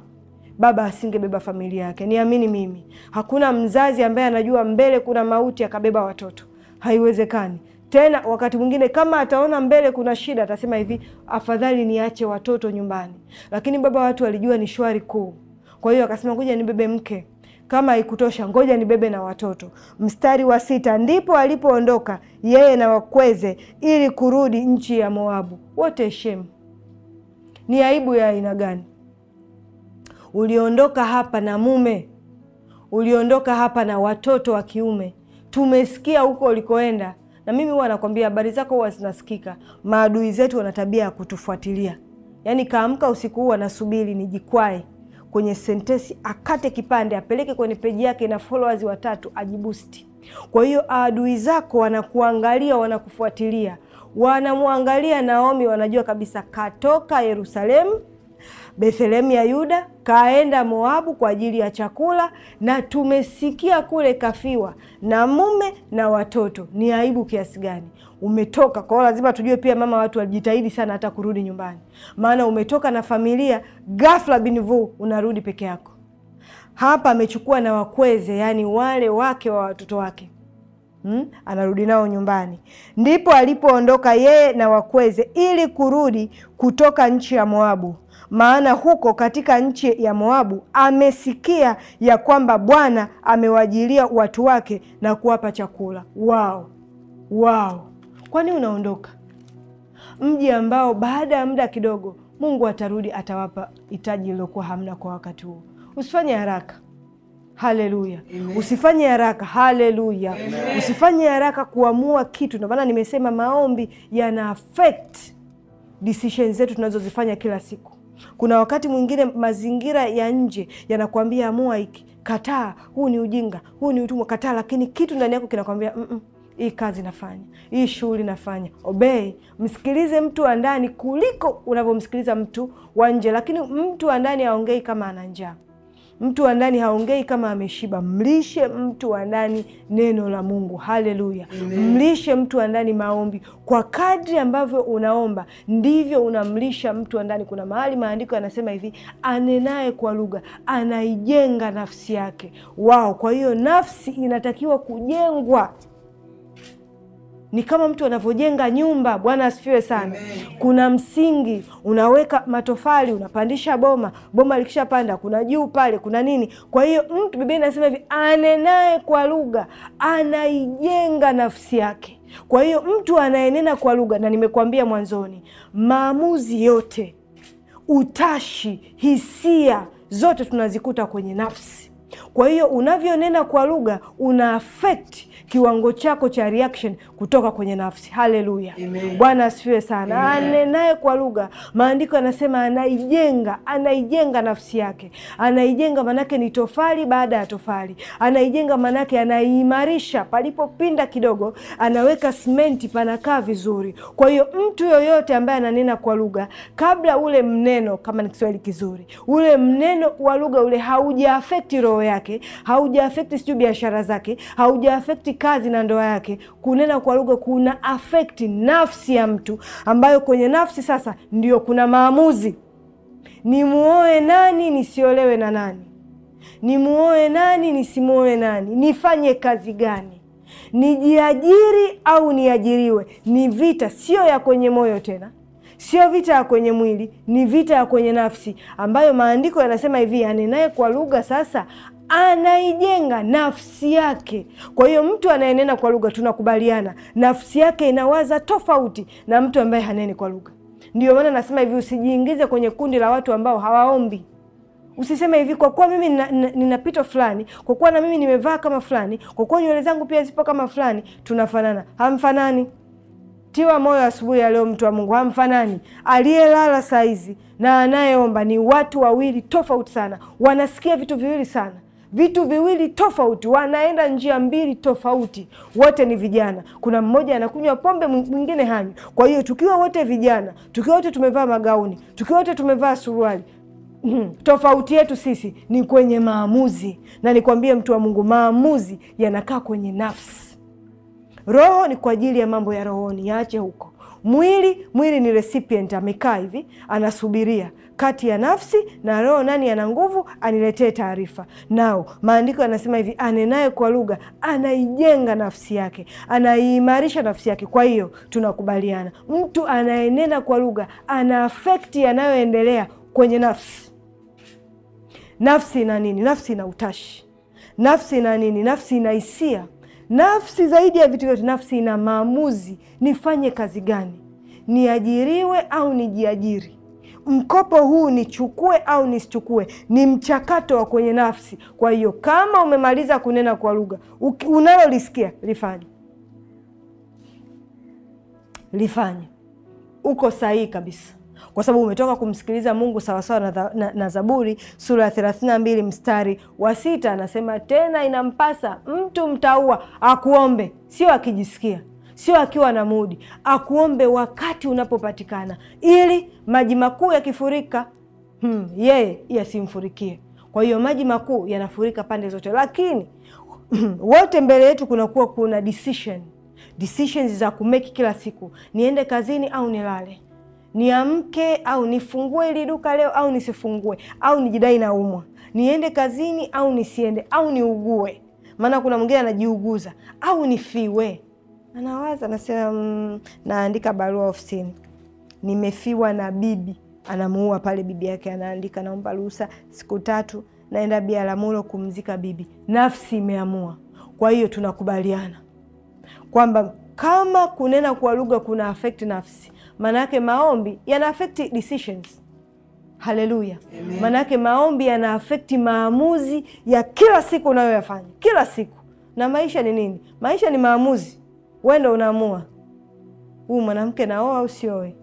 baba asingebeba familia yake. Niamini mimi, hakuna mzazi ambaye anajua mbele kuna mauti akabeba watoto, haiwezekani. Tena wakati mwingine kama ataona mbele kuna shida, atasema hivi, afadhali niache watoto nyumbani. Lakini baba watu alijua ni shwari kuu, kwa hiyo akasema, ngoja nibebe mke kama haikutosha ngoja nibebe na watoto. Mstari wa sita, ndipo alipoondoka yeye na wakweze ili kurudi nchi ya Moabu. Wote shemu, ni aibu ya aina gani? Uliondoka hapa na mume, uliondoka hapa na watoto wa kiume. Tumesikia huko ulikoenda, na mimi huwa nakwambia habari zako huwa zinasikika. Maadui zetu wana tabia ya kutufuatilia, yaani kaamka usiku huu anasubiri nijikwae kwenye sentesi, akate kipande apeleke kwenye peji yake na followers watatu ajibusti. Kwa hiyo adui zako wanakuangalia, wanakufuatilia, wanamwangalia Naomi, wanajua kabisa katoka Yerusalemu Bethlehemu ya Yuda, kaenda Moabu kwa ajili ya chakula, na tumesikia kule kafiwa na mume na watoto. Ni aibu kiasi gani umetoka kwao. Lazima tujue pia mama, watu walijitahidi sana hata kurudi nyumbani, maana umetoka na familia, ghafla binvu unarudi peke yako. Hapa amechukua na wakweze, yaani wale wake wa watoto wake Hmm, anarudi nao nyumbani. Ndipo alipoondoka yeye na wakweze ili kurudi kutoka nchi ya Moabu maana huko katika nchi ya Moabu amesikia ya kwamba Bwana amewajilia watu wake na kuwapa chakula wao wao. Kwani unaondoka mji ambao baada ya muda kidogo Mungu atarudi atawapa hitaji lilokuwa hamna kwa wakati huo. Usifanye haraka. Haleluya! Usifanye haraka. Haleluya! Usifanye haraka kuamua kitu. Ndio maana nimesema maombi yana affect decision zetu tunazozifanya kila siku. Kuna wakati mwingine mazingira ya nje yanakuambia amua hiki, kataa, huu ni ujinga, huu ni utumwa, kataa, lakini kitu ndani yako kinakwambia mm -mm, hii kazi nafanya, hii shughuli nafanya, obei Msikilize mtu wa ndani kuliko unavyomsikiliza mtu wa nje, lakini mtu wa ndani aongei kama ana njaa. Mtu wa ndani haongei kama ameshiba. Mlishe mtu wa ndani neno la Mungu. Haleluya! Mlishe mtu wa ndani maombi. Kwa kadri ambavyo unaomba ndivyo unamlisha mtu wa ndani. Kuna mahali maandiko yanasema hivi, anenaye kwa lugha anaijenga nafsi yake. Wao, kwa hiyo nafsi inatakiwa kujengwa ni kama mtu anavyojenga nyumba. Bwana asifiwe sana. Amen. Kuna msingi unaweka matofali, unapandisha boma, boma likishapanda kuna juu pale, kuna nini. Kwa hiyo mtu, Biblia inasema hivi, anenaye kwa lugha anaijenga nafsi yake. Kwa hiyo mtu anayenena kwa lugha, na nimekuambia mwanzoni, maamuzi yote, utashi, hisia zote tunazikuta kwenye nafsi. Kwa hiyo unavyonena kwa lugha una afekti kiwango chako cha reaction kutoka kwenye nafsi. Haleluya, Bwana asifiwe sana. Anenaye kwa lugha, maandiko yanasema anaijenga, anaijenga nafsi yake, anaijenga manake ni tofali baada ya tofali, anaijenga manake anaiimarisha, palipopinda kidogo anaweka simenti, panakaa vizuri. Kwa hiyo mtu yoyote ambaye ananena kwa lugha, kabla ule mneno, kama ni Kiswahili kizuri, ule mneno wa lugha ule haujaafekti roho yake, haujaafekti sijui biashara zake, haujaafekti kazi na ndoa yake, kunena kwa lugha kuna afekti nafsi ya mtu, ambayo kwenye nafsi sasa ndio kuna maamuzi: nimuoe nani, nisiolewe na nani, nimuoe nani, nisimuoe nani, nifanye kazi gani, nijiajiri au niajiriwe. Ni vita sio ya kwenye moyo tena sio vita ya kwenye mwili, ni vita ya kwenye nafsi, ambayo maandiko yanasema hivi, anenaye kwa lugha sasa anaijenga nafsi yake. Kwa hiyo mtu anayenena kwa lugha, tunakubaliana nafsi yake inawaza tofauti na mtu ambaye haneni kwa lugha. Ndio maana nasema hivi, usijiingize kwenye kundi la watu ambao hawaombi. Usiseme hivi, kwa kuwa mimi nina, pito fulani, kwa kuwa na mimi nimevaa kama fulani, kwa kuwa nywele zangu pia zipo kama fulani, tunafanana. Hamfanani. Tiwa moyo asubuhi ya leo, mtu wa Mungu, hamfanani. Aliyelala saizi na anayeomba ni watu wawili tofauti sana, wanasikia vitu viwili sana vitu viwili tofauti, wanaenda njia mbili tofauti. Wote ni vijana, kuna mmoja anakunywa pombe, mwingine hanywi. Kwa hiyo tukiwa wote vijana, tukiwa wote tumevaa magauni, tukiwa wote tumevaa suruali Hmm. Tofauti yetu sisi ni kwenye maamuzi, na nikwambie mtu wa Mungu, maamuzi yanakaa kwenye nafsi. Roho ni kwa ajili ya mambo ya rohoni, yaache huko. Mwili, mwili ni recipient, amekaa hivi anasubiria kati ya nafsi na roho, nani ana nguvu? Aniletee taarifa. Nao maandiko yanasema hivi, anenaye kwa lugha anaijenga nafsi yake, anaiimarisha nafsi yake. Kwa hiyo tunakubaliana, mtu anayenena kwa lugha ana afekti yanayoendelea kwenye nafsi. Nafsi ina nini? Nafsi ina utashi. Nafsi ina nini? Nafsi ina hisia. Nafsi zaidi ya vitu vyote, nafsi ina maamuzi, nifanye kazi gani, niajiriwe au nijiajiri mkopo huu nichukue au nisichukue, ni mchakato wa kwenye nafsi. Kwa hiyo kama umemaliza kunena kwa lugha, unalolisikia lifanye, lifanye. Uko sahihi kabisa, kwa sababu umetoka kumsikiliza Mungu sawasawa na, na, na Zaburi sura ya 32 mstari wa sita anasema tena, inampasa mtu mtaua akuombe, sio akijisikia sio akiwa na mudi, akuombe wakati unapopatikana, ili maji makuu yakifurika, hmm, yeye yasimfurikie. Kwa hiyo maji makuu yanafurika pande zote, lakini hmm, wote mbele yetu kunakuwa kuna decision decisions za kumeki kila siku, niende kazini au nilale, niamke au nifungue ili duka leo au nisifungue, au nijidai na umwa, niende kazini au nisiende, au niugue, maana kuna mwingine anajiuguza, au nifiwe anawaza anasema, mm, naandika barua ofisini, nimefiwa na bibi, anamuua pale bibi yake, anaandika naomba ruhusa siku tatu naenda Biaramulo kumzika bibi, nafsi imeamua. Kwa hiyo tunakubaliana kwamba kama kunena kwa lugha kuna affect nafsi, maana yake maombi yana affect decisions. Haleluya! maana yake maombi yana affect maamuzi ya kila siku unayoyafanya kila siku. Na maisha ni nini? Maisha ni maamuzi wewe ndio unaamua huyu mwanamke naoa au sioe,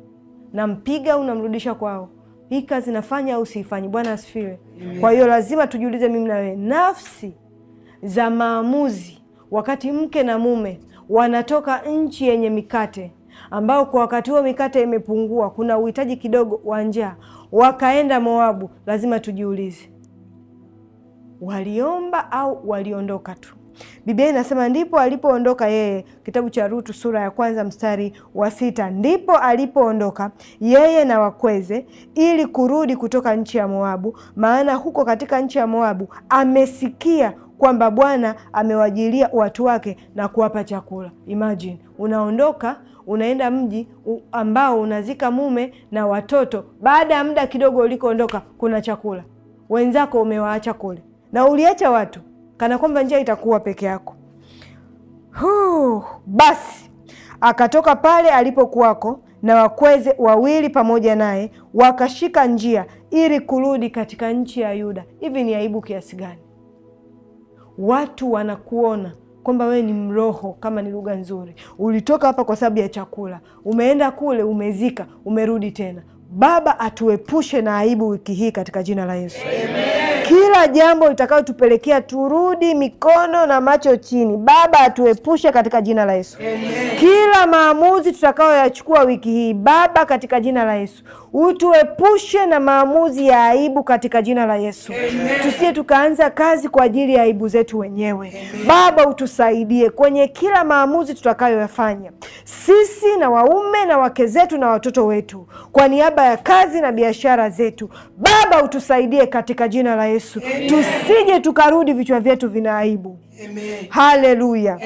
nampiga au namrudisha kwao, hii kazi nafanya au siifanyi. Bwana asifiwe. Kwa hiyo lazima tujiulize, mimi na wewe, nafsi za maamuzi wakati mke na mume wanatoka nchi yenye mikate ambao kwa wakati huo mikate imepungua, kuna uhitaji kidogo wa njaa, wakaenda Moabu, lazima tujiulize, waliomba au waliondoka tu? Biblia inasema ndipo alipoondoka yeye, kitabu cha Rutu sura ya kwanza mstari wa sita ndipo alipoondoka yeye na wakweze ili kurudi kutoka nchi ya Moabu, maana huko katika nchi ya Moabu amesikia kwamba Bwana amewajilia watu wake na kuwapa chakula. Imagine unaondoka unaenda mji ambao unazika mume na watoto, baada ya muda kidogo ulikoondoka kuna chakula, wenzako umewaacha kule na uliacha watu kana kwamba njia itakuwa peke yako. Huu, basi akatoka pale alipokuwako na wakweze wawili pamoja naye wakashika njia ili kurudi katika nchi ya Yuda. Hivi ni aibu kiasi gani? Watu wanakuona kwamba wewe ni mroho, kama ni lugha nzuri. Ulitoka hapa kwa sababu ya chakula, umeenda kule, umezika, umerudi tena. Baba, atuepushe na aibu wiki hii katika jina la Yesu, Amen kila jambo litakayotupelekea turudi mikono na macho chini. Baba, atuepushe katika jina la Yesu. Amen. Kila maamuzi tutakayoyachukua wiki hii Baba, katika jina la Yesu utuepushe na maamuzi ya aibu katika jina la Yesu. Tusije tukaanza kazi kwa ajili ya aibu zetu wenyewe. Amen. Baba, utusaidie kwenye kila maamuzi tutakayoyafanya sisi na waume na wake zetu na watoto wetu, kwa niaba ya kazi na biashara zetu. Baba, utusaidie katika jina la Yesu. Amen. Tusije tukarudi vichwa vyetu vina aibu. Haleluya.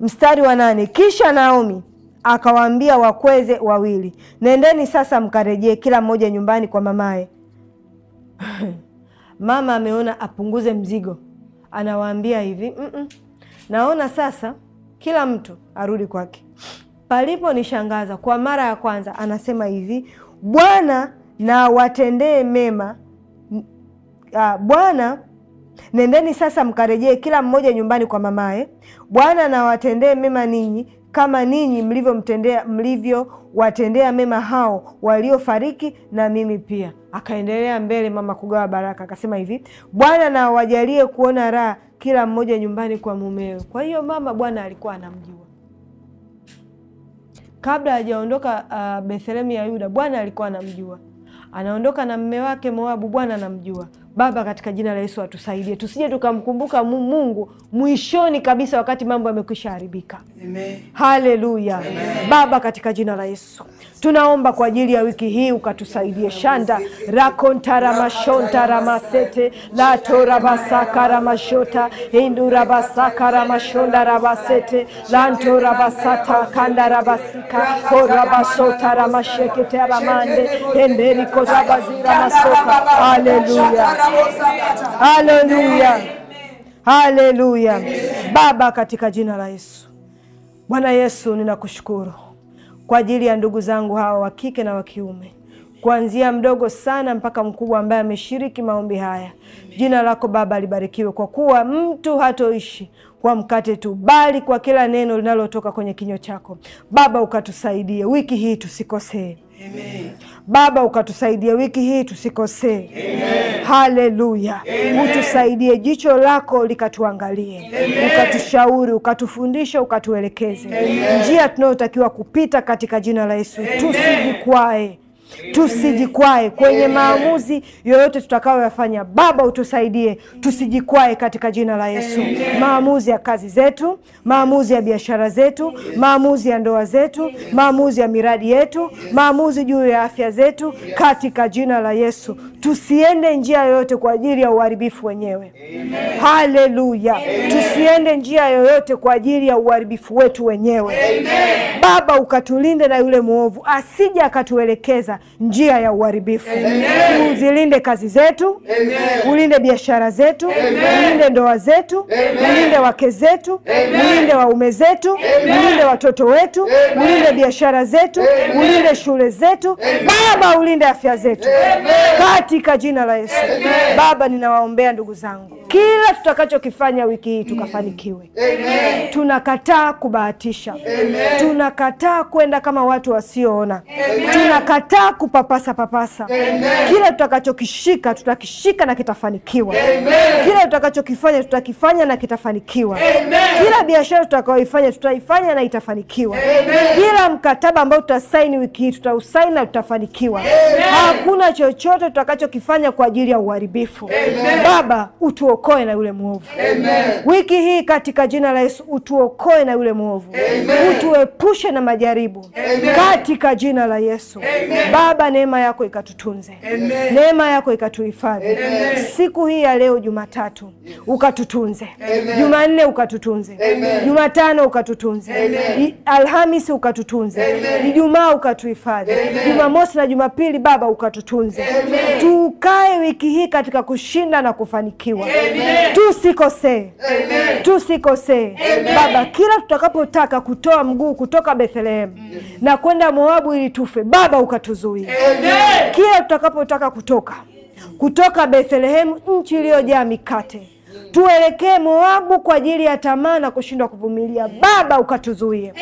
Mstari wa nane. Kisha Naomi akawaambia wakweze wawili, nendeni sasa mkarejee kila mmoja nyumbani kwa mamaye. (laughs) Mama ameona apunguze mzigo, anawaambia hivi mm -mm. Naona sasa kila mtu arudi kwake. Paliponishangaza kwa mara ya kwanza, anasema hivi, Bwana na watendee mema ah, Bwana nendeni sasa mkarejee kila mmoja nyumbani kwa mamaye. Bwana na watendee mema ninyi kama ninyi mlivyomtendea mlivyowatendea mema hao waliofariki na mimi pia. Akaendelea mbele mama kugawa baraka, akasema hivi, Bwana na wajalie kuona raha kila mmoja nyumbani kwa mumewe. Kwa hiyo mama, Bwana alikuwa anamjua kabla hajaondoka uh, Bethlehemu ya Yuda. Bwana alikuwa anamjua, anaondoka na mme wake Moabu, Bwana anamjua Baba, katika jina la Yesu atusaidie, tusije tukamkumbuka Mungu mwishoni kabisa, wakati mambo yamekwisha haribika. Haleluya Baba, katika jina la Yesu tunaomba kwa ajili ya wiki hii, ukatusaidie shanda rakontaramashontaramasete latorabasakaramashota indurabasakaramashondarabasete lantorabasata kandarabasika korabasotaramasheketeramandeemberikoabaziramasoka haleluya Haleluya, haleluya. Baba, katika jina la Yesu, Bwana Yesu, ninakushukuru kwa ajili ya ndugu zangu hawa wa kike na wa kiume kuanzia mdogo sana mpaka mkubwa ambaye ameshiriki maombi haya. Jina lako Baba libarikiwe, kwa kuwa mtu hatoishi kwa mkate tu, bali kwa kila neno linalotoka kwenye kinywa chako. Baba, ukatusaidie wiki hii tusikosee. Amen. Baba ukatusaidia wiki hii tusikosee. Haleluya, utusaidie, jicho lako likatuangalie, ukatushauri, ukatufundisha, ukatuelekeze njia tunayotakiwa kupita katika jina la Yesu. Tusijikwae. Tusijikwae kwenye maamuzi yoyote tutakayoyafanya. Baba, utusaidie tusijikwae katika jina la Yesu. Maamuzi ya kazi zetu, maamuzi ya biashara zetu, maamuzi ya ndoa zetu, maamuzi ya miradi yetu, maamuzi juu ya afya zetu, katika jina la Yesu. Tusiende njia yoyote kwa ajili ya uharibifu wenyewe. Haleluya! Tusiende njia yoyote kwa ajili ya uharibifu wetu wenyewe. Amen. Baba, ukatulinde na yule mwovu asije akatuelekeza njia ya uharibifu. Uzilinde kazi zetu, ulinde biashara zetu, ulinde ndoa zetu, ulinde wake zetu, ulinde waume zetu, ulinde watoto wetu, ulinde biashara zetu, ulinde shule zetu, Baba ulinde afya zetu, katika jina la Yesu. Baba, ninawaombea ndugu zangu kila tutakachokifanya wiki hii tukafanikiwe. Amen. Tunakataa kubahatisha. Amen. Tunakataa kwenda kama watu wasioona. Amen. Tunakataa kupapasa papasa. Amen. Kila tutakachokishika tutakishika na kitafanikiwa. Amen. Kila tutakachokifanya tutakifanya na kitafanikiwa. Amen. Kila biashara tutakaoifanya tutaifanya na itafanikiwa. Amen. Kila mkataba ambao tutasaini wiki hii tutausaini na tutafanikiwa. Amen. Hakuna chochote tutakachokifanya kwa ajili ya uharibifu. Amen. Baba utuo utuokoe na yule mwovu Amen. Wiki hii katika jina la Yesu utuokoe na yule mwovu Amen. Utuepushe na majaribu Amen. Katika jina la Yesu Amen. Baba, neema yako ikatutunze Amen. Neema yako ikatuhifadhi siku hii ya leo Jumatatu ukatutunze Amen. Jumanne ukatutunze Amen. Jumatano ukatutunze Amen. Alhamisi ukatutunze Amen. Ijumaa ukatuhifadhi Jumamosi na Jumapili Baba ukatutunze Amen. Tukae wiki hii katika kushinda na kufanikiwa Amen tusikosee, tusikosee Baba, kila tutakapotaka kutoa mguu kutoka Bethlehemu na kwenda Moabu ili tufe, Baba ukatuzuia kila tutakapotaka kutoka kutoka Bethlehemu, nchi iliyojaa mikate tuelekee Moabu kwa ajili ya tamaa na kushindwa kuvumilia. Baba, ukatuzuie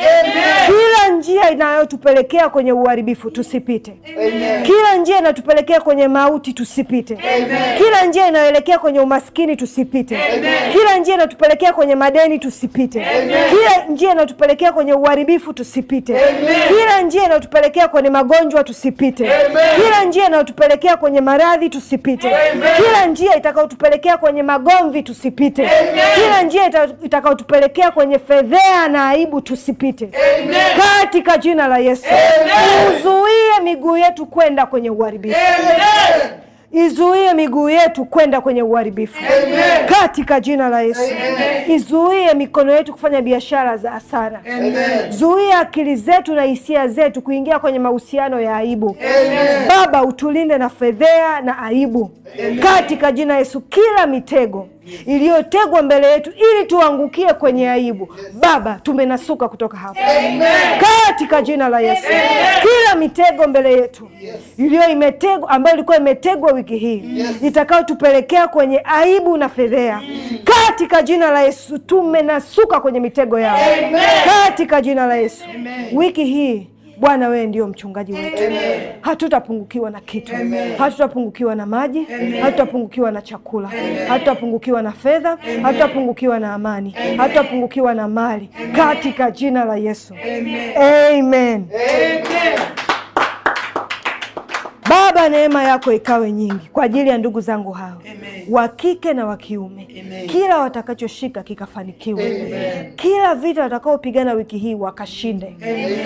kila njia inayotupelekea kwenye uharibifu tusipite. Amen. Kila njia inatupelekea kwenye mauti tusipite. Amen. Kila njia inayoelekea kwenye umaskini tusipite. Amen. Kila njia inatupelekea kwenye madeni tusipite. Amen. Kila njia inatupelekea kwenye uharibifu tusipite. Amen. Kila njia inayotupelekea kwenye magonjwa tusipite. Amen. Kila njia inayotupelekea kwenye maradhi tusipite. Amen. Kila njia itakayotupelekea kwenye magomvi maovu tusipite Amen. Kila njia itakayotupelekea kwenye fedhea na aibu tusipite Amen. Katika jina la Yesu uzuie miguu yetu kwenda kwenye uharibifu izuie miguu yetu kwenda kwenye uharibifu katika jina la Yesu. Izuie mikono yetu kufanya biashara za hasara. Zuia akili zetu na hisia zetu kuingia kwenye mahusiano ya aibu. Amen. Baba, utulinde na fedhea na aibu Amen. Katika jina la Yesu, kila mitego iliyotegwa mbele yetu ili tuangukie kwenye aibu. Baba, tumenasuka kutoka hapa katika jina la Yesu. Kila mitego mbele yetu iliyo imetegwa, ambayo ilikuwa imetegwa wiki hii itakayotupelekea kwenye aibu na fedhea, katika jina la Yesu tumenasuka kwenye mitego yao, katika jina la Yesu wiki hii Bwana wewe ndio mchungaji wetu, hatutapungukiwa na kitu, hatutapungukiwa na maji, hatutapungukiwa na chakula, hatutapungukiwa na fedha, hatutapungukiwa na amani, hatutapungukiwa na mali, katika jina la Yesu, amen. Amen. Amen. Baba, neema yako ikawe nyingi kwa ajili ya ndugu zangu hao wa kike na wa kiume, kila watakachoshika kikafanikiwe, kila vita watakaopigana wiki hii wakashinde,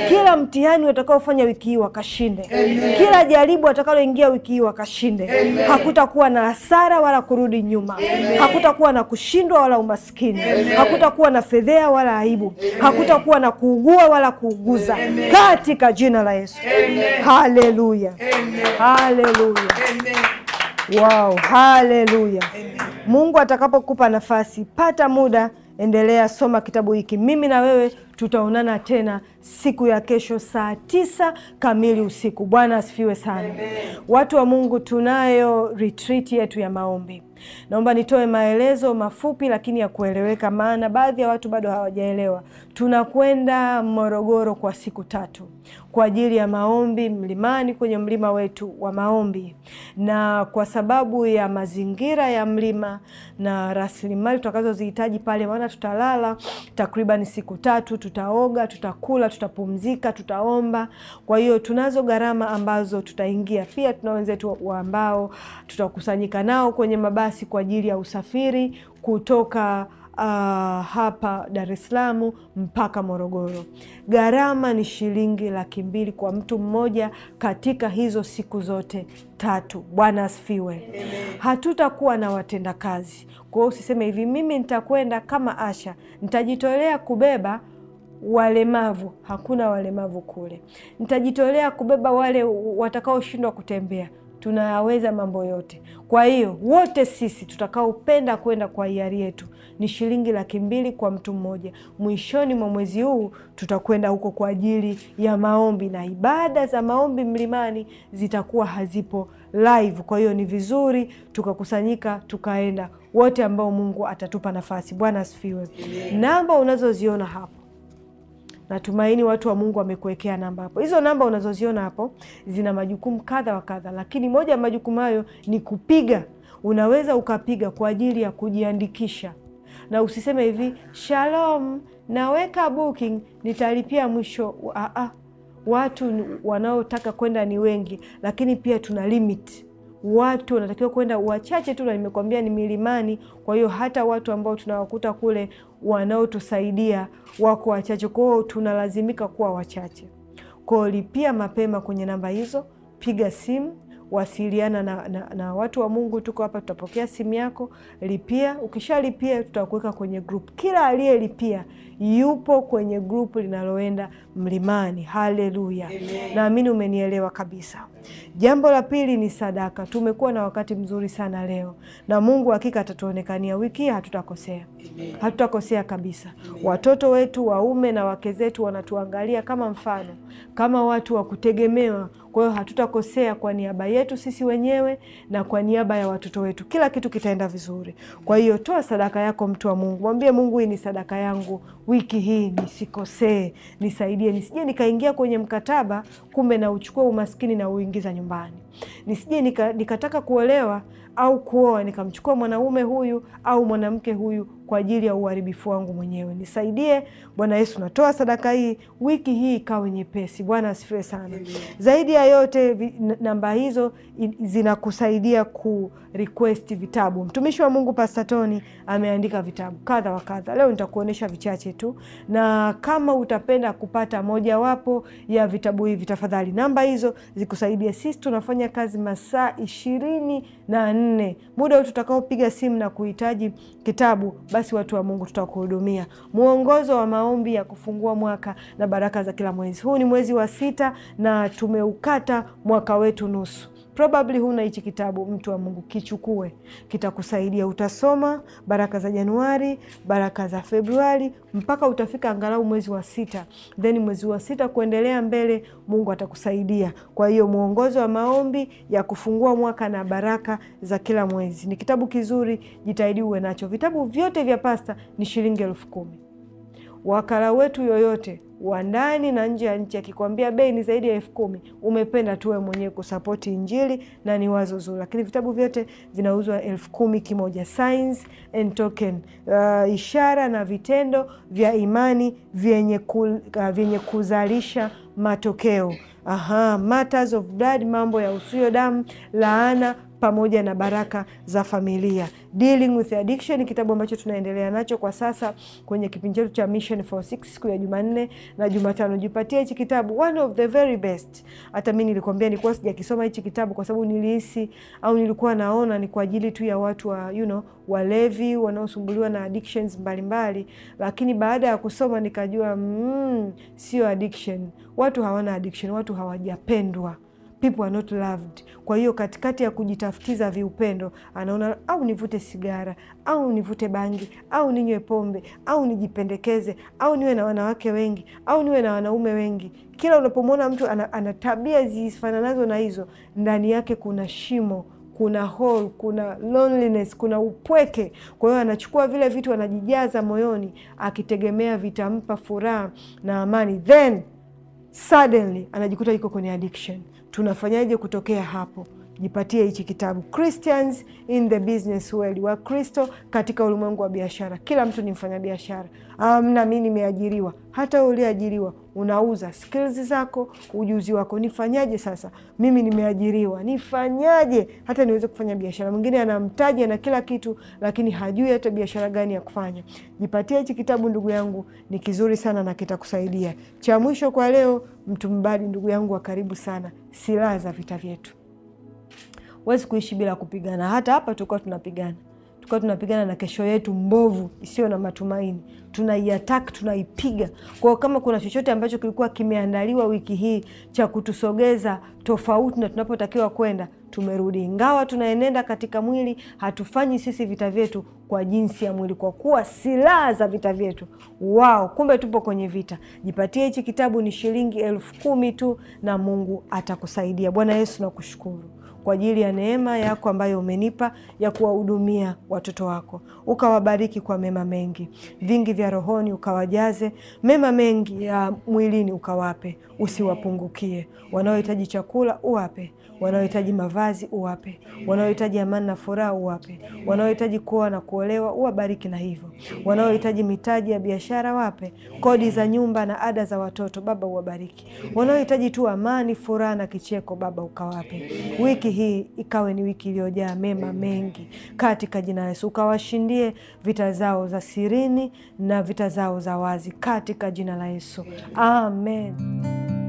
kila mtihani watakaofanya wiki hii wakashinde, kila jaribu watakaloingia wiki hii wakashinde. Hakutakuwa na hasara wala kurudi nyuma, hakutakuwa na kushindwa wala umaskini, hakutakuwa na fedhea wala aibu, hakutakuwa na kuugua wala kuuguza, katika jina la Yesu. Haleluya. Haleluya. Wow, haleluya. Mungu atakapokupa nafasi, pata muda, endelea soma kitabu hiki. Mimi na wewe Tutaonana tena siku ya kesho saa tisa kamili usiku. Bwana asifiwe sana. Amen. Watu wa Mungu, tunayo retreat yetu ya maombi. Naomba nitoe maelezo mafupi lakini ya kueleweka, maana baadhi ya watu bado hawajaelewa. Tunakwenda Morogoro kwa siku tatu kwa ajili ya maombi mlimani, kwenye mlima wetu wa maombi, na kwa sababu ya mazingira ya mlima na rasilimali tutakazozihitaji pale, maana tutalala takriban siku tatu tutaoga, tutakula, tutapumzika, tutaomba. Kwa hiyo tunazo gharama ambazo tutaingia. Pia tuna wenzetu ambao tutakusanyika nao kwenye mabasi kwa ajili ya usafiri kutoka uh, hapa Dar es Salaam mpaka Morogoro. Gharama ni shilingi laki mbili kwa mtu mmoja katika hizo siku zote tatu. Bwana asifiwe. Hatutakuwa na watendakazi, kwa hiyo usiseme hivi, mimi nitakwenda kama Asha, nitajitolea kubeba walemavu, hakuna walemavu kule. Nitajitolea kubeba wale watakaoshindwa kutembea tunayaweza mambo yote. Kwa hiyo wote sisi tutakaopenda kwenda kwa hiari yetu ni shilingi laki mbili kwa mtu mmoja. Mwishoni mwa mwezi huu tutakwenda huko kwa ajili ya maombi, na ibada za maombi mlimani zitakuwa hazipo live. Kwa hiyo ni vizuri tukakusanyika, tukaenda wote ambao Mungu atatupa nafasi. Bwana asifiwe. Namba unazoziona hapo Natumaini watu wa Mungu wamekuwekea namba hapo. Hizo namba unazoziona hapo zina majukumu kadha wa kadha, lakini moja ya majukumu hayo ni kupiga. Unaweza ukapiga kwa ajili ya kujiandikisha, na usiseme hivi shalom, naweka booking nitalipia mwisho. Aa, watu wanaotaka kwenda ni wengi, lakini pia tuna limit watu wanatakiwa kwenda wachache tu, na nimekwambia ni milimani. Kwa hiyo hata watu ambao tunawakuta kule wanaotusaidia wako wachache, kwao tunalazimika kuwa wachache. Kwa hiyo lipia mapema kwenye namba hizo, piga simu wasiliana na, na, na watu wa Mungu, tuko hapa, tutapokea simu yako. Lipia, ukishalipia tutakuweka kwenye grupu. Kila aliyelipia yupo kwenye grupu linaloenda mlimani. Haleluya, naamini umenielewa kabisa. Jambo la pili ni sadaka. Tumekuwa na wakati mzuri sana leo, na Mungu hakika atatuonekania. Wiki hii hatutakosea, hatutakosea kabisa. Amen. Watoto wetu waume na wake zetu wanatuangalia kama mfano, kama watu wa kutegemewa. Kwa hiyo hatutakosea kwa niaba yetu sisi wenyewe na kwa niaba ya watoto wetu, kila kitu kitaenda vizuri. Kwa hiyo toa sadaka yako, mtu wa Mungu, mwambie Mungu, hii ni sadaka yangu wiki hii nisikosee, nisaidie, nisije nikaingia kwenye mkataba kumbe nauchukua umaskini na uingiza nyumbani, nisije nika, nikataka kuolewa au kuoa nikamchukua mwanaume huyu au mwanamke huyu kwa ajili ya uharibifu wangu mwenyewe. Nisaidie Bwana Yesu, natoa sadaka hii, wiki hii ikawe nyepesi. Bwana asifiwe sana. Zaidi ya yote, namba hizo zinakusaidia ku request vitabu. Mtumishi wa Mungu Pastor Tony ameandika vitabu kadha wa kadha, leo nitakuonyesha vichache tu, na kama utapenda kupata mojawapo ya vitabu hivi, tafadhali namba hizo zikusaidia. Sisi tunafanya kazi masaa ishirini na nne, muda huu tutakaopiga simu na kuhitaji kitabu, basi watu wa Mungu tutakuhudumia. Mwongozo wa maombi ya kufungua mwaka na baraka za kila mwezi. Huu ni mwezi wa sita na tumeukata mwaka wetu nusu probably huna hichi kitabu, mtu wa Mungu, kichukue, kitakusaidia. Utasoma baraka za Januari, baraka za Februari, mpaka utafika angalau mwezi wa sita, then mwezi wa sita kuendelea mbele, Mungu atakusaidia. Kwa hiyo mwongozo wa maombi ya kufungua mwaka na baraka za kila mwezi ni kitabu kizuri, jitahidi uwe nacho. Vitabu vyote vya pasta ni shilingi elfu kumi wakala wetu yoyote wa ndani na nje ya nchi akikwambia bei ni zaidi ya elfu kumi umependa tuwe mwenyewe kusapoti Injili na ni wazo zuri, lakini vitabu vyote vinauzwa elfu kumi kimoja. and token, uh, ishara na vitendo vya imani vyenye ku, uh, vyenye kuzalisha matokeo. Aha, matters of blood, mambo ya usuyo damu, laana pamoja na baraka za familia. Dealing with Addiction, kitabu ambacho tunaendelea nacho kwa sasa kwenye kipindi chetu cha Mission for siku ya Jumanne na Jumatano. Jipatia hichi kitabu, one of the very best. Hata mi nilikuambia nilikuwa sijakisoma hichi kitabu kwa sababu nilihisi au nilikuwa naona ni kwa ajili tu ya watu wa you know, walevi wanaosumbuliwa na addictions mbalimbali, lakini baada ya kusoma nikajua mm, sio addiction. Watu hawana addiction, watu hawajapendwa people are not loved. Kwa hiyo katikati ya kujitafutiza viupendo, anaona au nivute sigara au nivute bangi au ninywe pombe au nijipendekeze au niwe na wanawake wengi au niwe na wanaume wengi. Kila unapomwona mtu ana, ana tabia zifananazo na hizo, ndani yake kuna shimo kuna hole, kuna loneliness, kuna upweke. Kwa hiyo anachukua vile vitu anajijaza moyoni, akitegemea vitampa furaha na amani then suddenly anajikuta yuko kwenye addiction. Tunafanyaje kutokea hapo? jipatie hichi kitabu Christians in the Business World, wa Kristo katika ulimwengu wa biashara. Kila mtu ni mfanyabiashara, amna um, mimi nimeajiriwa. Hata wewe uliajiriwa unauza skills zako, ujuzi wako. Nifanyaje sasa? Mimi nimeajiriwa, nifanyaje hata niweze kufanya biashara? Mwingine anamtaji na kila kitu, lakini hajui hata biashara gani ya kufanya. Jipatie hichi kitabu ndugu yangu, ni kizuri sana na kitakusaidia. Cha mwisho kwa leo, mtumbali ndugu yangu wa karibu sana, silaha za vita vyetu huwezi kuishi bila kupigana. Hata hapa tulikuwa tunapigana, tulikuwa tunapigana na kesho yetu mbovu isiyo na matumaini, tunaiattack, tunaipiga. Kwa hiyo kama kuna chochote ambacho kilikuwa kimeandaliwa wiki hii cha kutusogeza tofauti na tunapotakiwa kwenda, tumerudi. Ingawa tunaenenda katika mwili, hatufanyi sisi vita vyetu kwa jinsi ya mwili, kwa kuwa silaha za vita vyetu wao. Kumbe tupo kwenye vita. Jipatie hichi kitabu, ni shilingi elfu kumi tu, na Mungu atakusaidia. Bwana Yesu, nakushukuru kwa ajili ya neema yako ambayo umenipa ya kuwahudumia watoto wako, ukawabariki kwa mema mengi vingi vya rohoni, ukawajaze mema mengi ya mwilini, ukawape usiwapungukie, wanaohitaji chakula uwape wanaohitaji mavazi uwape, wanaohitaji amani na furaha uwape, wanaohitaji kuoa na kuolewa uwabariki na hivyo, wanaohitaji mitaji ya biashara wape, kodi za nyumba na ada za watoto Baba uwabariki, wanaohitaji tu amani, furaha na kicheko Baba ukawape. Wiki hii ikawe ni wiki iliyojaa mema mengi katika jina la Yesu, ukawashindie vita zao za sirini na vita zao za wazi katika jina la Yesu, amen.